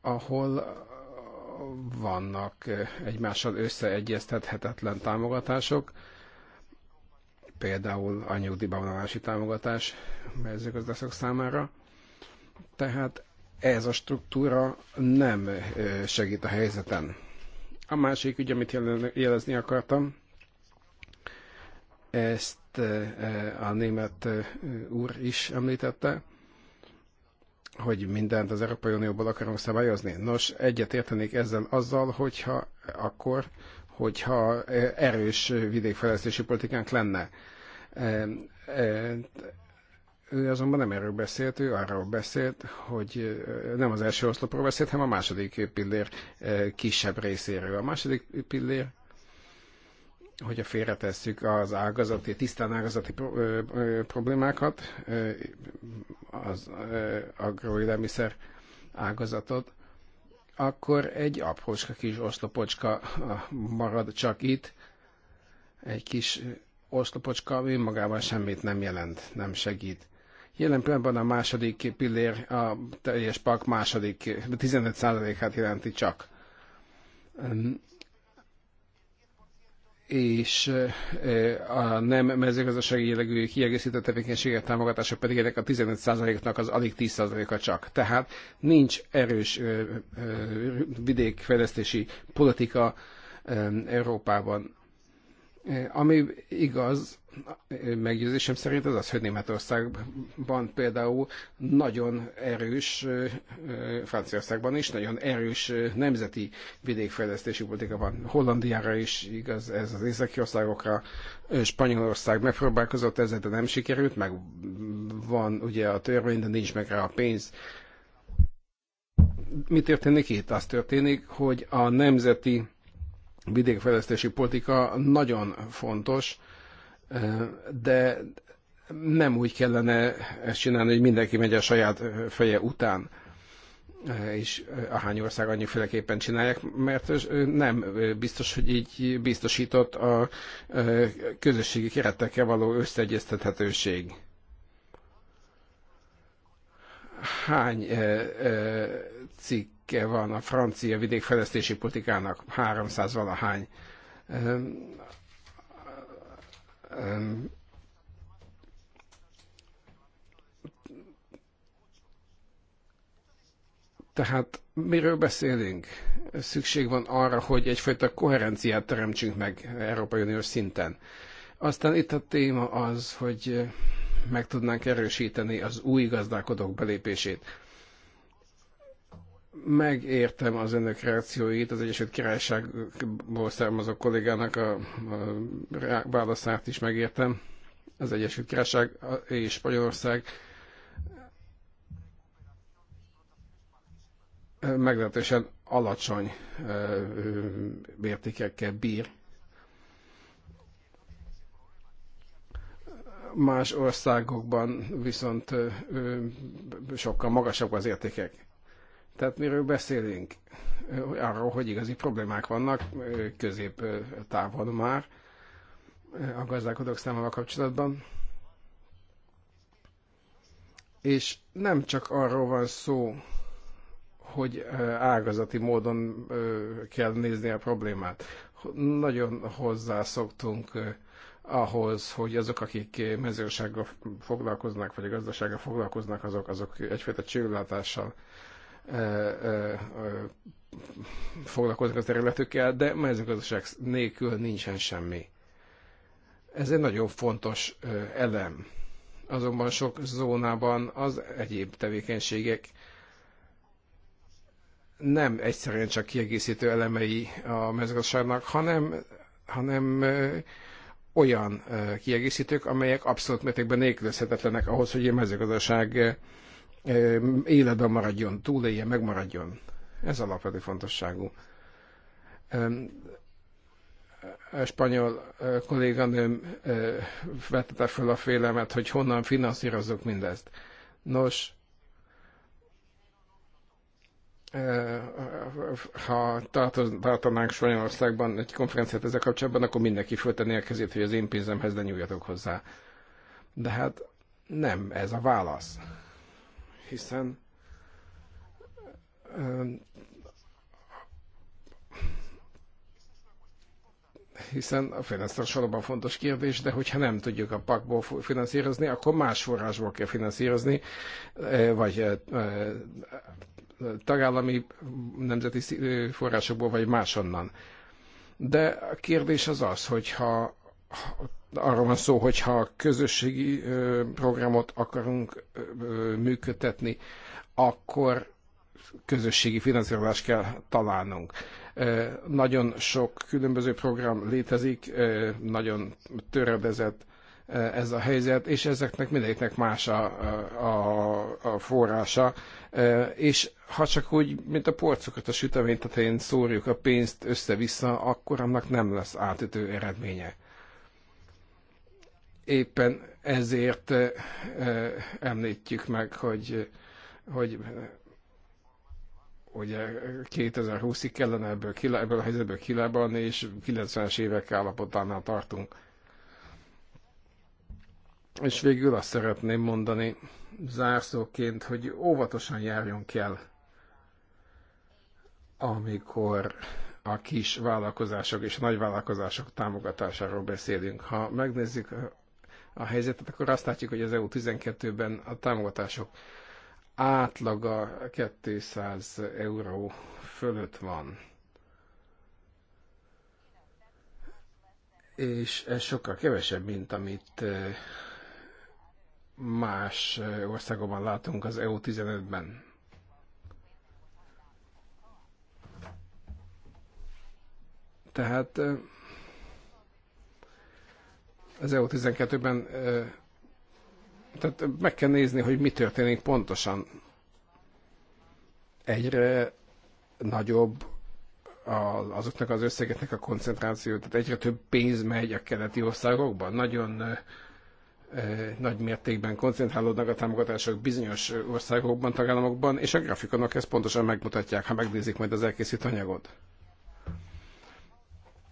ahol eh, vannak eh, egymással összeegyeztethetetlen támogatások, például a nyugdíjbevonalási támogatás mezőgazdaszok számára. Tehát ez a struktúra nem eh, segít a helyzeten. A másik ügy, amit jelezni akartam, ezt a német úr is említette, hogy mindent az Európai Unióból akarunk szabályozni. Nos, egyet értenék ezzel azzal, hogyha akkor, hogyha e, erős vidékfejlesztési politikánk lenne. E, e, ő azonban nem erről beszélt, ő arról beszélt, hogy nem az első oszlopról beszélt, hanem a második pillér kisebb részéről. A második pillér hogyha félretesszük az ágazati, tisztán ágazati pro, ö, ö, problémákat, ö, az agroélelmiszer ágazatot, akkor egy aprócska kis oszlopocska marad csak itt, egy kis oszlopocska, ami magában semmit nem jelent, nem segít. Jelen pillanatban a második pillér, a teljes pak második, 15%-át jelenti csak és a nem mezőgazdasági jellegű kiegészítő tevékenységek támogatása pedig ennek a 15%-nak az alig 10%-a csak. Tehát nincs erős vidékfejlesztési politika Európában. Eh, ami igaz, eh, meggyőzésem szerint az az, hogy Németországban például nagyon erős, eh, Franciaországban is nagyon erős nemzeti vidékfejlesztési politika van. Hollandiára is igaz ez az északi országokra. Spanyolország megpróbálkozott ezzel, de nem sikerült, meg van ugye a törvény, de nincs meg rá a pénz. Mi történik itt? Az történik, hogy a nemzeti vidékfejlesztési politika nagyon fontos, de nem úgy kellene ezt csinálni, hogy mindenki megy a saját feje után és ahány ország annyiféleképpen csinálják, mert nem biztos, hogy így biztosított a közösségi keretekkel való összeegyeztethetőség. Hány cikk cikke van a francia vidékfejlesztési politikának 300 valahány Tehát miről beszélünk? Szükség van arra, hogy egyfajta koherenciát teremtsünk meg Európai Uniós szinten. Aztán itt a téma az, hogy meg tudnánk erősíteni az új gazdálkodók belépését megértem az önök reakcióit, az Egyesült Királyságból származó kollégának a, a válaszát is megértem. Az Egyesült Királyság és Spanyolország meglehetősen alacsony mértékekkel bír. Más országokban viszont sokkal magasabb az értékek tehát miről beszélünk? Arról, hogy igazi problémák vannak közép távon már a gazdálkodók számával kapcsolatban. És nem csak arról van szó, hogy ágazati módon kell nézni a problémát. Nagyon hozzászoktunk ahhoz, hogy azok, akik mezősággal foglalkoznak, vagy a gazdasággal foglalkoznak, azok, azok egyfajta csillátással foglalkoznak a területükkel, de mezőgazdaság nélkül nincsen semmi. Ez egy nagyon fontos elem. Azonban sok zónában az egyéb tevékenységek nem egyszerűen csak kiegészítő elemei a mezőgazdaságnak, hanem, hanem olyan kiegészítők, amelyek abszolút mértékben nélkülözhetetlenek ahhoz, hogy a mezőgazdaság életben maradjon, túlélje, megmaradjon. Ez alapvető fontosságú. A spanyol kolléganőm vetette fel a félemet, hogy honnan finanszírozzuk mindezt. Nos, ha tartanánk Spanyolországban egy konferenciát ezzel kapcsolatban, akkor mindenki föltenné a kezét, hogy az én pénzemhez ne nyúljatok hozzá. De hát nem ez a válasz hiszen hiszen a finanszírozás valóban fontos kérdés, de hogyha nem tudjuk a pakból finanszírozni, akkor más forrásból kell finanszírozni, vagy tagállami nemzeti forrásokból, vagy másonnan. De a kérdés az az, hogyha arról van szó, hogyha közösségi programot akarunk működtetni, akkor közösségi finanszírozást kell találnunk. Nagyon sok különböző program létezik, nagyon töredezett ez a helyzet, és ezeknek mindegyiknek más a, a, a forrása. És ha csak úgy, mint a porcokat a sütemény tetején szórjuk a pénzt össze-vissza, akkor annak nem lesz átütő eredménye. Éppen ezért eh, eh, említjük meg, hogy, hogy eh, ugye 2020-ig kellene ebből, kilá, ebből a helyzetből kilábalni, és 90-es évek állapotánál tartunk. És végül azt szeretném mondani zárszóként, hogy óvatosan járjon kell, amikor a kis vállalkozások és a nagy vállalkozások támogatásáról beszélünk. Ha megnézzük a helyzetet, akkor azt látjuk, hogy az EU12-ben a támogatások átlaga 200 euró fölött van. És ez sokkal kevesebb, mint amit eh, más eh, országokban látunk az EU15-ben. Tehát eh, az EU12-ben, tehát meg kell nézni, hogy mi történik pontosan. Egyre nagyobb azoknak az összegeknek a koncentráció, tehát egyre több pénz megy a keleti országokban. Nagyon nagy mértékben koncentrálódnak a támogatások bizonyos országokban, tagállamokban, és a grafikonok ezt pontosan megmutatják, ha megnézik majd az elkészít anyagot.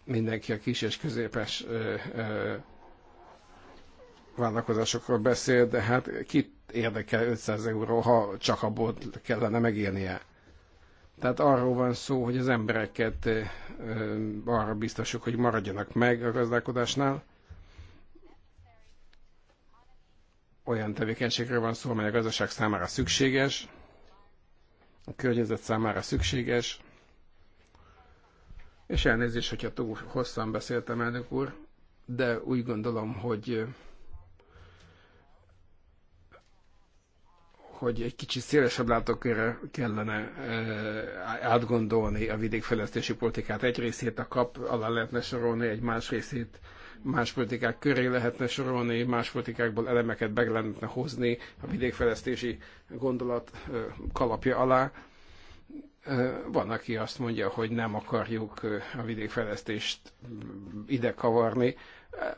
Mindenki a kis és középes vállalkozásokról beszél, de hát kit érdekel 500 euró, ha csak abból kellene megélnie. Tehát arról van szó, hogy az embereket arra biztosuk, hogy maradjanak meg a gazdálkodásnál. Olyan tevékenységről van szó, amely a gazdaság számára szükséges, a környezet számára szükséges. És elnézést, hogyha túl hosszan beszéltem, elnök úr, de úgy gondolom, hogy hogy egy kicsit szélesebb látókörre kellene eh, átgondolni a vidékfejlesztési politikát. Egy részét a kap alá lehetne sorolni, egy más részét más politikák köré lehetne sorolni, más politikákból elemeket be lehetne hozni a vidékfejlesztési gondolat eh, kalapja alá. Eh, van, aki azt mondja, hogy nem akarjuk a vidékfejlesztést ide kavarni,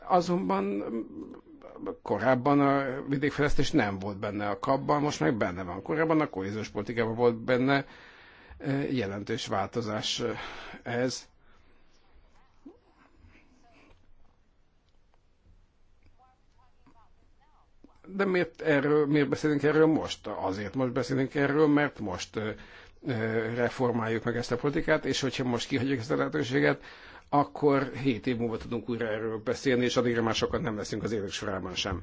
azonban korábban a vidékfejlesztés nem volt benne a kapban, most meg benne van. Korábban a kohéziós politikában volt benne eh, jelentős változás eh, ez. De miért, erről, miért beszélünk erről most? Azért most beszélünk erről, mert most eh, reformáljuk meg ezt a politikát, és hogyha most kihagyjuk ezt a lehetőséget, akkor 7 év múlva tudunk újra erről beszélni, és addigra már sokat nem leszünk az évek sorában sem.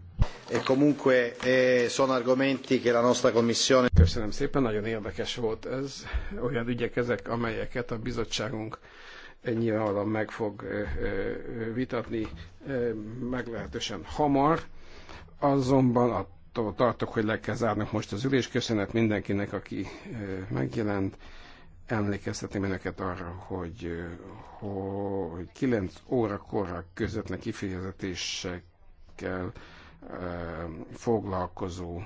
E comunque eh, sono argomenti che la nostra commissione... Köszönöm szépen, nagyon érdekes volt ez. Olyan ügyek ezek, amelyeket a bizottságunk e, nyilvánvalóan meg fog e, e, vitatni meglehetősen hamar, azonban attól tartok, hogy le kell zárnak most az ülés. Köszönet mindenkinek, aki megjelent. Emlékeztetném önöket arra, hogy, hogy 9 órakor közvetlen kifejezetésekkel foglalkozó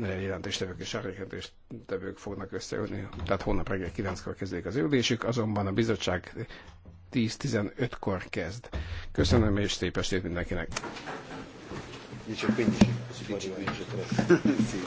jelentéstevők és tevők fognak összeülni, tehát hónap reggel 9-kor kezdődik az ülésük, azonban a bizottság 10-15-kor kezd. Köszönöm és szép estét mindenkinek! 10-15. Sì,